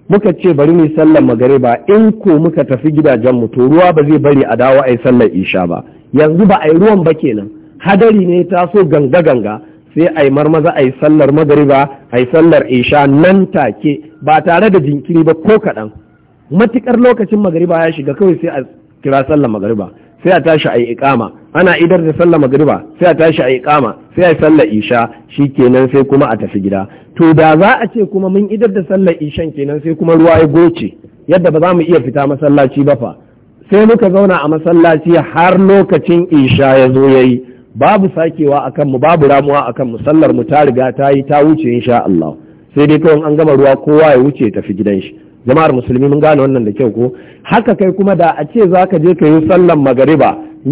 muka ce bari mu sallar magariba in ko muka tafi gidajen mu to ruwa ba zai bari a dawo a sallar isha ba yanzu ba a yi ruwan ba kenan hadari ne taso ganga ganga sai ai yi marmaza a sallar magariba a sallar isha nan take ba tare da jinkiri ba ko kaɗan matukar lokacin magariba ya shiga kawai sai a kira sallar magariba sai a tashi a yi ikama ana idar da sallar magariba sai a tashi a yi ikama sai a yi sallar isha kenan sai kuma a tafi gida to da za a ce kuma mun idar da sallar ishan kenan sai kuma ruwa ya goce yadda ba za mu iya fita masallaci ba fa sai muka zauna a masallaci har lokacin isha ya zo yayi babu sakewa a kanmu babu ramuwa akan kanmu sallar mu ta riga ta yi ta wuce insha Allah sai dai kawai an gama ruwa kowa ya wuce tafi gidan shi jama'ar musulmi mun gane wannan da kyau ko haka kai kuma da a ce za ka je ka yi sallan magariba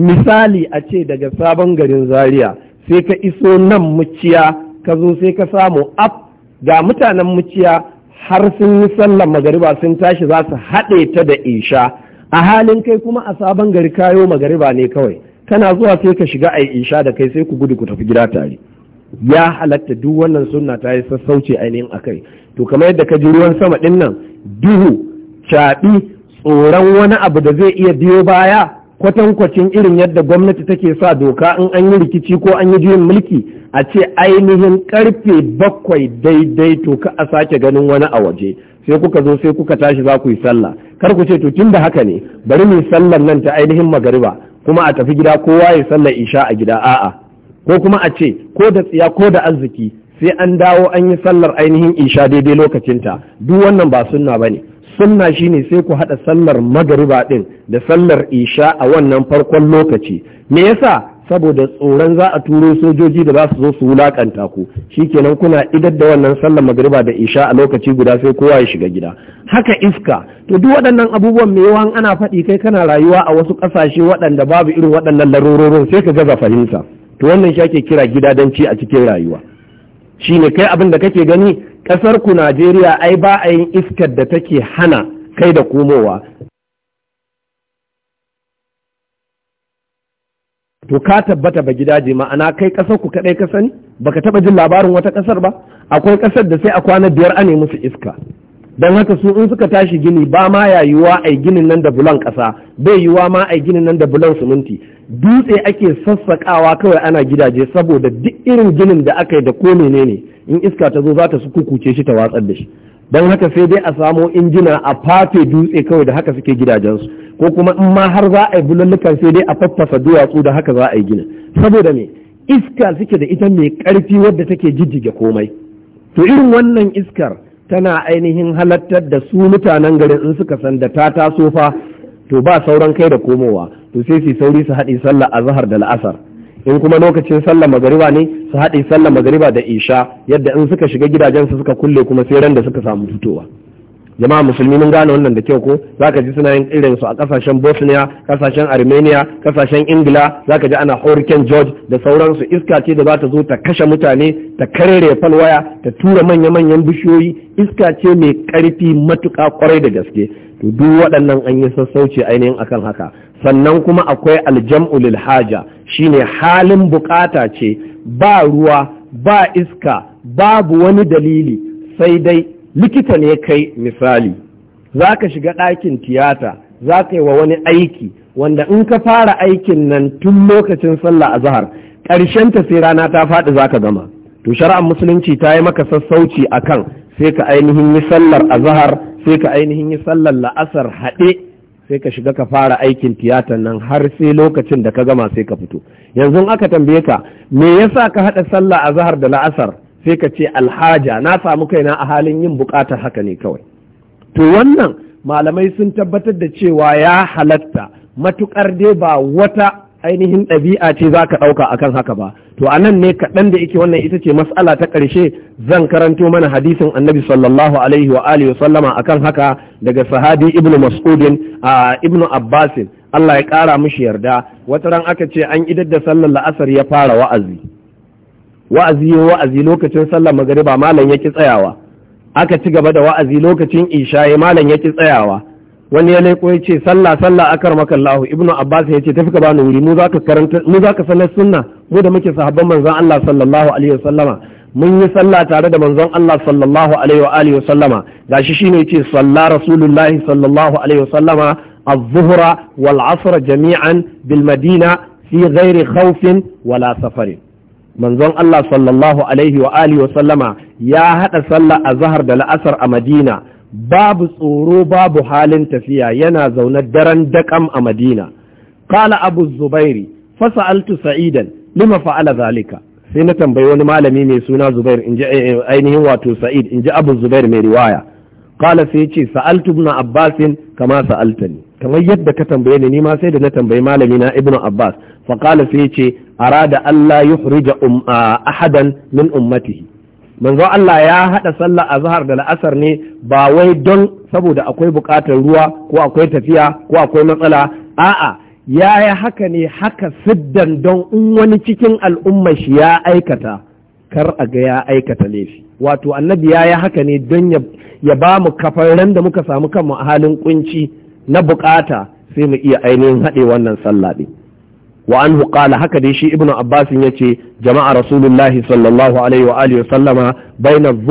misali a ce daga sabon garin zaria sai ka iso nan muciya ka zo sai ka samu Af, ga mutanen muciya har sun yi sallan magariba sun tashi za su haɗe ta da isha a halin kai kuma a sabon gari kayo magariba ne kawai kana zuwa sai ka shiga a isha da kai sai ku gudu ku tafi gida tare ya halatta duk wannan sunna ta yi sassauci ainihin a kai to kamar yadda ka ji ruwan sama ɗin nan duhu caɓi tsoron wani abu da zai iya biyo baya kwatankwacin irin yadda gwamnati take sa doka in an yi rikici ko an yi juyin mulki a ce ainihin karfe bakwai daidai to ka a sake ganin wani a waje sai kuka zo sai kuka tashi za ku yi sallah kar ku ce to tun da haka ne bari mu sallar nan ta ainihin magariba kuma a tafi gida kowa ya sallar isha a gida a'a ko kuma a ce ko da tsiya ko da arziki sai an dawo an yi sallar ainihin isha daidai lokacinta duk wannan ba sunna ba ne sunna shine sai ku haɗa sallar magariba ɗin da sallar isha a wannan farkon lokaci me yasa saboda tsoron za a turo sojoji da za su zo su wulakanta ku shi kenan kuna idar da wannan sallar magariba da isha a lokaci guda sai kowa ya shiga gida haka iska to duk waɗannan abubuwan me yawan ana faɗi kai kana rayuwa a wasu ƙasashe waɗanda babu irin waɗannan larurorin sai ka gaza fahimta to wannan shi ake kira gidadanci a cikin rayuwa Shi ne kai abin da kake gani kasar ku Najeriya ai ba a yin iskar da take hana kai da komowa to ka tabbata ba gidaje ma'ana kai kasar ku kadai ka sani baka taba jin labarin wata ƙasar ba akwai ƙasar da sai a kwana biyar nemi musu iska don haka su in suka tashi gini ba ma yayuwa a ginin nan da bulan ƙasa? bai yiwa ma a ginin nan da bulon siminti dutse ake sassaƙawa kawai ana gidaje saboda duk irin ginin da aka yi da ko menene in iska ta zo za ta kukuce shi ta watsar da shi don haka sai dai a samo injina a fafe dutse kawai da haka suke gidajensu ko kuma in ma har za a yi bulallukan sai dai a faffasa duwatsu da haka za a yi gina saboda me iska suke da ita mai ƙarfi wadda take jijjiga komai to irin wannan iskar tana ainihin halattar da su mutanen garin in suka san da ta taso fa to ba sauran kai da komowa to sai su sauri su haɗe sallah a zahar da la'asar in kuma lokacin sallah magariba ne su haɗe sallah magariba da isha yadda in suka shiga gidajen su suka kulle kuma sai ran da suka samu fitowa jama'a musulmi mun gane wannan da kyau ko zaka ji suna yin irin su a kasashen bosnia kasashen armenia kasashen ingila zaka ji ana hurricane george da sauransu iska ce da za ta zo ta kashe mutane ta karere falwaya ta tura manya-manyan bishiyoyi iska ce mai karfi matuka kwarai da gaske to duk waɗannan an yi sassauci ainihin akan haka sannan kuma akwai aljam'u lil haja shine halin bukata ce ba ruwa ba iska babu wani dalili sai dai likita ne kai misali za ka shiga ɗakin tiyata za ka yi wa wani aiki wanda in ka fara aikin nan tun lokacin sallah a zahar ƙarshen ta sai rana ta faɗi za ka gama to shari'ar musulunci ta yi maka sassauci a kan sai ka ainihin yi sallar a zahar, sai ka ainihin yi sallar la'asar haɗe sai ka shiga ka fara aikin tiyatar nan har sai lokacin da ka gama sai ka fito yanzu aka tambaye ka me yasa ka haɗa sallah zahar da la'asar sai ka ce alhaja na samu kaina a halin yin bukatar haka ne kawai to wannan malamai sun tabbatar da cewa ya halatta matukar dai ba wata ainihin ɗabi'a ce za ka ɗauka akan haka ba to a nan ne kaɗan da yake wannan ita ce mas'ala ta ƙarshe zan karanto mana hadisin annabi sallallahu alaihi wa alihi sallama akan haka daga sahabi ibnu mas'udin a ibnu abbasin Allah ya ƙara mishi yarda wata ran aka ce an idar da sallar la'asar ya fara wa'azi wa'azi ya wa'azi lokacin sallar magariba malam ya ki tsayawa aka ci gaba da wa'azi lokacin isha'i malam ya ki tsayawa wani ya leko ya ce sallah sallah akar makallahu ibnu abbas ya ce tafi ka bani wuri mu zaka karanta mu zaka sanar sunna mu da muke sahabban manzon Allah sallallahu alaihi wasallama mun yi sallah tare da manzon Allah sallallahu alaihi wa alihi wasallama gashi shine yace salla rasulullahi sallallahu alaihi wasallama الظهر والعصر جميعا بالمدينة في غير خوف wala safarin. manzon Allah sallallahu alaihi wa alihi wa sallama ya hada sallah azhar da la'asar a Madina babu tsoro babu halin tafiya yana zaune daren dakam a Madina qala abu zubairi Sa'altu sa'idan lima fa'ala zalika sai na tambayi wani malami mai suna zubair inji eh, eh, ainihin wato sa'id inji abu zubair mai riwaya qala sai ce sa'altu ibn abbasin kama sa'altani kamar yadda ka tambaye ni ma sai da na tambayi malami na ibn abbas faƙala sai ya ce arada Allah ya hurija ahadan min ummatihi manzo Allah ya haɗa sallah a zahar da la'asar ne ba wai don saboda akwai buƙatar ruwa ko akwai tafiya ko akwai matsala a'a ya yi haka ne haka siddan don in wani cikin al'umma shi ya aikata kar a ga ya aikata laifi wato annabi ya yi haka ne don ya ba mu kafaran da muka samu kanmu a halin kunci na bukata sai mu iya ainihin haɗe wannan sallah ɗin. wa anhu qala haka dai shi ibnu abbas yace jama'a rasulullahi sallallahu alaihi wa alihi sallama baina adh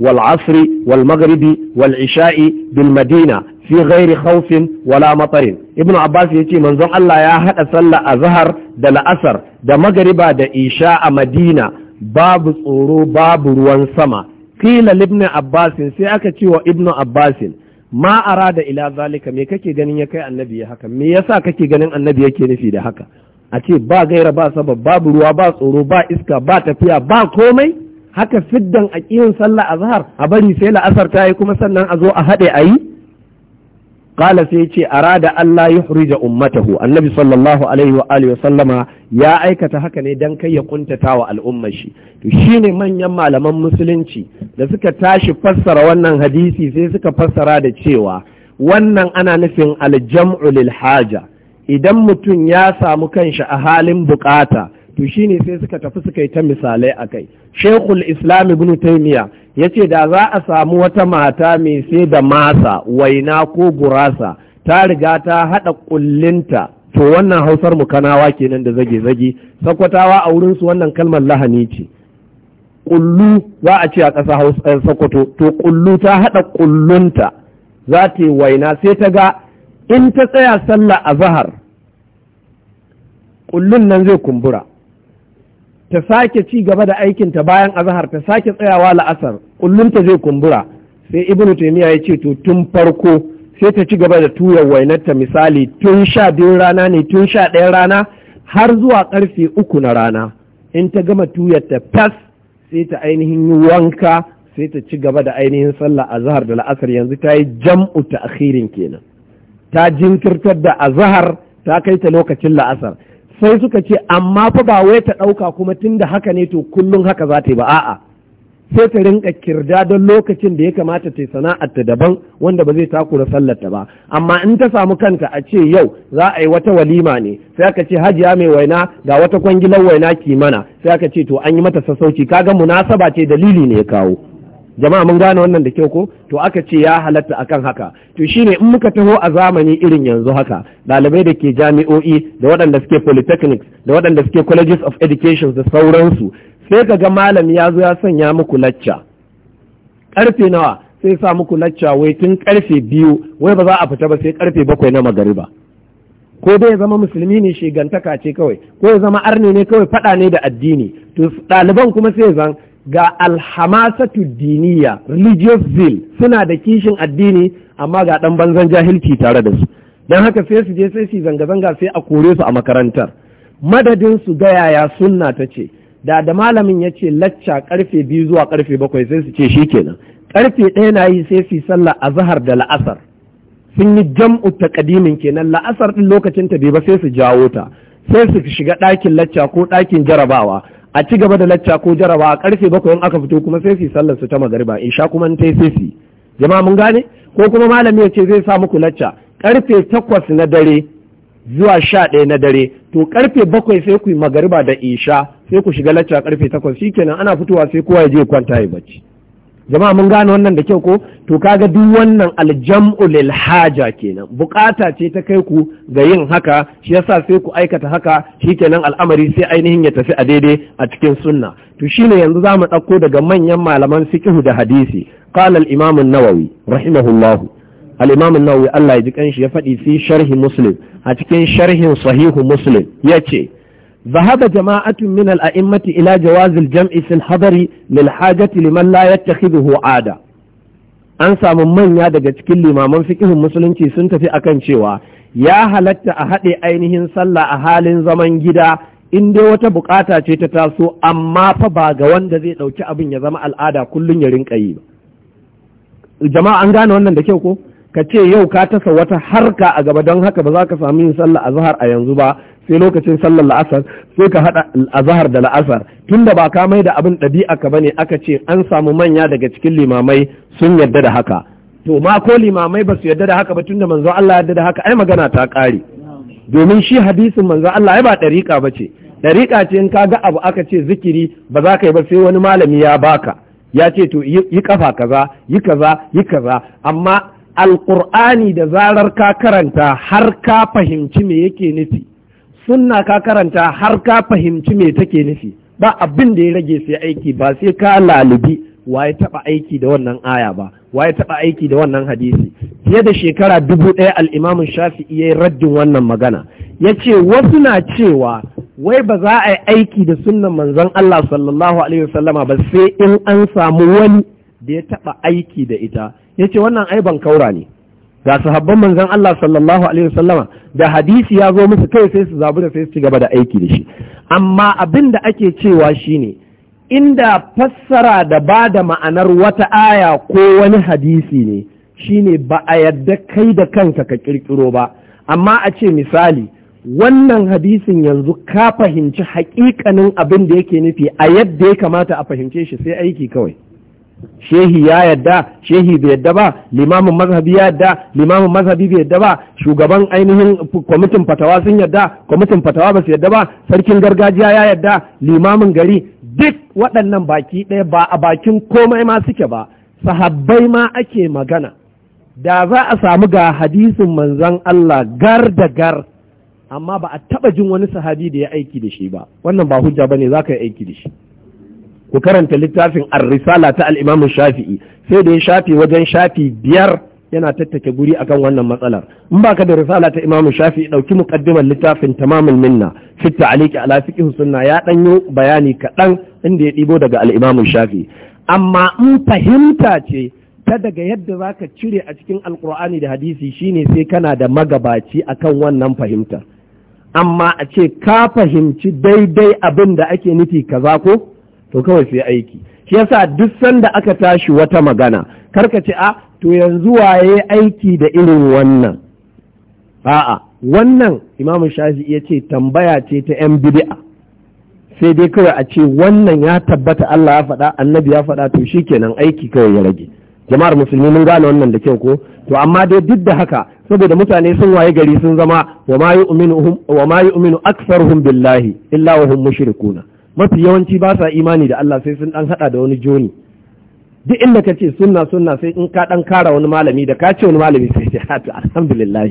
wal 'asri wal maghribi wal 'isha'i bil madina fi ghairi khawfin wala matarin ibnu abbas yace manzon Allah ya hada sallah azhar da la'asar da magariba da isha a madina babu tsoro babu ruwan sama qila ibnu abbas sai aka ce wa ibnu abbas ma arada ila zalika me kake ganin ya kai annabi haka me yasa kake ganin annabi yake nufi da haka a ce ba gaira ba sabab babu ruwa ba tsoro ba iska ba tafiya ba komai haka fiddan a kiyin sallah azhar a bari sai la'asar ta yi kuma sannan a zo a haɗe a yi qala sai ce arada Allah yuhrija ummatahu annabi sallallahu alaihi wa alihi sallama ya aikata haka ne dan kai ya kuntata wa al'ummar shi to shine manyan malaman musulunci da suka tashi fassara wannan hadisi sai suka fassara da cewa wannan ana nufin aljam'u lil haja idan mutum ya samu kanshi a halin bukata to shine sai suka tafi suka yi ta misalai a kai shekul islam ibn taimiya ya ce da za a samu wata mata mai sai da masa waina ko gurasa ta riga ta haɗa ƙullinta to wannan hausar mu kanawa kenan da zage-zage sakwatawa a wurinsu wannan kalmar lahani ce ƙullu za a ce a ƙasa eh, sakwato to kullu ta haɗa ƙullunta za ta yi waina sai ta ga in ta tsaya sallah a zahar kullun nan zai kumbura ta sake ci gaba da aikinta bayan azahar ta sake tsayawa la'asar ƙullunta zai kumbura sai ibnu taimiya ya ce to tun farko sai ta ci gaba da tuya wainarta misali tun sha biyu rana ne tun sha ɗaya rana har zuwa ƙarfe uku na rana in ta gama ta fas sai ta ainihin yi wanka sai ta ci gaba da ainihin sallah azahar da la'asar yanzu ta yi jam'u ta kenan ta jinkirtar da azahar ta kai ta lokacin la'asar sai suka ce amma fa ba wai ta ɗauka kuma tunda haka ne to kullum haka za ta yi ba a'a sai ta rinka kirda don lokacin da ya kamata ta yi sana'ar ta daban wanda ba zai takura sallarta ba amma in ta samu kanta a ce yau za a yi wata walima ne sai aka ce hajiya mai waina ga wata kwangilar waina mana, sai aka ce to an yi mata sassauci kaga munasaba ce dalili ne ya kawo jama'a mun gane wannan da kyau ko to aka ce ya halatta akan haka to shine in muka taho a zamani irin yanzu haka ɗalibai da ke jami'o'i da waɗanda suke polytechnics da waɗanda suke colleges of education da sauransu sai ka ga malam ya zo ya sanya muku lacca karfe nawa sai sa muku lacca wai tun karfe biyu wai ba za a fita ba sai karfe bakwai na magariba ko dai ya zama musulmi ne shigantaka ce kawai ko ya zama arne ne kawai fada ne da addini to ɗaliban kuma sai zan ga alhamasatu diniya religious zeal suna da kishin addini amma ga ɗan banzan jahilci tare da su don haka sai su je sai su zanga-zanga sai a kore su a makarantar madadin su ga yaya sunna ta ce da da malamin ya ce lacca karfe biyu zuwa karfe bakwai sai su ce shi kenan karfe ɗaya na yi sai su sallah a zahar da la'asar sun yi jam'u takadimin kenan la'asar ɗin lokacin ta bai ba sai su jawo ta sai su shiga ɗakin lacca ko ɗakin jarabawa a ci gaba da lacca ko jaraba a karfe bakwai in aka fito kuma sai su sallar su ta magariba in sha kuma in sai su jama'a mun gane ko kuma malami ya ce zai sa muku lacca karfe takwas na dare zuwa sha ɗaya na dare to karfe bakwai sai ku yi magariba da isha sai ku shiga lacca karfe takwas shikenan ana fitowa sai kowa ya je kwanta ya bacci jama'a mun gane wannan da kyau ko to kaga duk wannan aljam'u lil haja kenan bukata ce ta kai ku ga yin haka shi yasa sai ku aikata haka shi kenan al'amari sai ainihin ya tafi a daidai a cikin sunna to shine yanzu zamu ɗauko daga manyan malaman fiqh da hadisi qala al-imam an-nawawi rahimahullahu al-imam an-nawawi Allah ya ji kanshi ya faɗi fi sharhi muslim a cikin sharhin sahihu muslim yace ذهب جماعة من الأئمة إلى جواز الجمع في الحضر للحاجة لمن لا يتخذه عادة an samu manya daga cikin limaman fikihun musulunci sun tafi akan cewa ya halatta a haɗe ainihin sallah a halin zaman gida in dai wata bukata ce ta taso amma fa ba ga wanda zai ɗauki abin ya zama al'ada kullum ya rinka yi ba jama'a an gane wannan da kyau ko ka ce yau ka tasa wata harka a gaba don haka ba za ka samu yin sallah a zahar a yanzu ba sai lokacin sallar la'asar sai ka haɗa azahar da la'asar tunda ba ka mai da abin ɗabi'a ka bane aka ce an samu manya daga cikin limamai sun yadda da haka to ma ko limamai ba su yadda da haka ba tunda manzo Allah yadda da haka ai magana ta ƙare domin shi hadisin manzo Allah ai ba ɗariƙa ba ce ɗariƙa ce in ka ga abu aka ce zikiri ba za ka yi ba sai wani malami ya baka ya ce to yi kafa kaza yi kaza yi kaza amma alƙur'ani da zarar ka karanta har ka fahimci me yake nufi sunna ka karanta har ka fahimci me take nufi ba abin da ya rage sai aiki ba sai ka lalubi wa ya taɓa aiki da wannan aya ba wa ya taɓa aiki da wannan hadisi fiye da shekara dubu ɗaya al'imamin shafi iya raddin wannan magana ya ce wasu na cewa wai ba za a yi aiki da sunnan manzon Allah sallallahu alaihi wasallama ba sai in an samu wani da ya taɓa aiki da ita ya ce wannan ai kaura ne ga sahabban manzon Allah sallallahu alaihi wasallama da hadisi ya zo musu kai sai su da sai su ci gaba da aiki da shi amma abin da ake cewa shine inda fassara da ba da ma'anar wata aya ko wani hadisi ne shine ba a yadda kai da kanka ka kirkiro ba amma a ce misali wannan hadisin yanzu ka fahimci hakikanin abin da yake nufi a yadda ya kamata a fahimce shi sai aiki kawai shehi ya yadda shehi bai yadda ba limamin mazhabi ya yadda limamin mazhabi bai yadda ba shugaban ainihin kwamitin fatawa sun yadda kwamitin fatawa ba su yadda ba sarkin gargajiya ya yadda limamin gari duk waɗannan baki ɗaya ba a bakin komai ma suke ba sahabbai ma ake magana da za a samu ga hadisin manzon Allah gar da gar amma ba a taɓa jin wani sahabi da ya aiki da shi ba wannan ba hujja bane za yi aiki da shi ku karanta littafin ar-risala ta al-imam shafi'i sai da ya shafi wajen shafi biyar yana tattake guri akan wannan matsalar in baka da risala ta imam shafi'i dauki muqaddimar littafin tamamul minna fi ta'liqi ala fiqh sunna ya danyo bayani kaɗan inda ya ɗibo daga al-imam shafi'i amma in fahimta ce ta daga yadda zaka cire a cikin alkur'ani da hadisi shine sai kana da magabaci akan wannan fahimtar amma a ce ka fahimci daidai abin da ake nufi kaza ko to kawai sai aiki shi yasa duk sanda aka tashi wata magana karka ce a to yanzu waye aiki da irin wannan a'a wannan imamu shafi ya ce tambaya ce ta yan bid'a sai dai kawai a ce wannan ya tabbata Allah ya faɗa annabi ya faɗa to shikenan aiki kawai ya rage jama'ar musulmi mun gane wannan da kyau ko to amma dai duk da haka saboda mutane sun waye gari sun zama wa ma yu'minu wa ma yu'minu aktharuhum billahi illa wa hum mushrikuna mafi yawanci ba sa imani da Allah sai sun dan hada da wani joni duk inda ka ce sunna sunna sai in ka dan kara wani malami da ka ce wani malami sai ya hatu alhamdulillah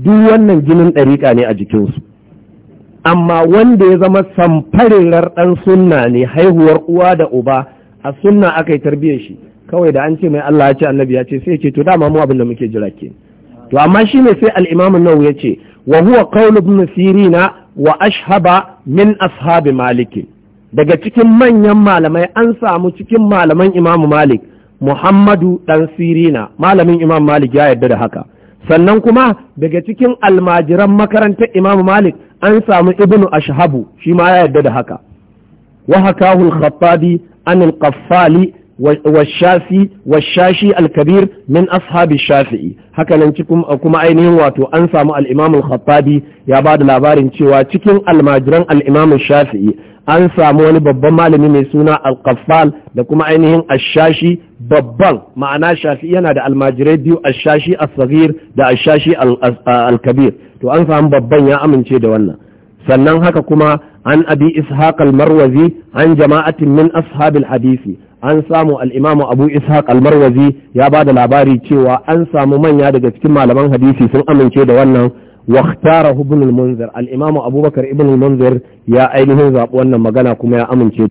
duk wannan ginin ɗariƙa ne a jikinsu amma wanda ya zama samfarin ɗan sunna ne haihuwar uwa da uba a sunna aka yi tarbiyyar shi kawai da an ce mai Allah ya ce annabi ya ce sai ya ce to dama mu abin muke jira ke to amma shi ne sai al'imamin imam ya ce wa huwa qawl ibn na wa ashhaba min ashabi malikin daga cikin manyan malamai an samu cikin malaman imamu malik muhammadu dan sirina malamin imam malik ya yarda da haka sannan kuma daga cikin almajiran makarantar imamu malik an samu ibnu ashhabu shi ma ya yarda da haka wa hakahu al-khattabi an al-qaffali والشافي والشاشي الكبير من أصحاب haka nan cikin kuma ainihin wato an samu al-Imam al-Khattabi ya ba da labarin cewa cikin almajiran al-Imam shafi'i an samu wani babban malami mai suna alkafal da kuma ainihin ashashi babban ma'ana shafi yana da almajirai biyu ashashi asagir da ashashi alkabir to an samu babban ya amince da wannan sannan haka kuma an abi ishaq almarwazi an jama'atin min ashabil hadisi an samu al'imamu abu ishaq almarwazi ya ba da labari cewa an samu manya daga cikin malaman hadisi sun amince da wannan واختاره ابن المنذر الإمام أبو بكر ابن المنذر يا أينه زاب وأن مغانا كما يا أمن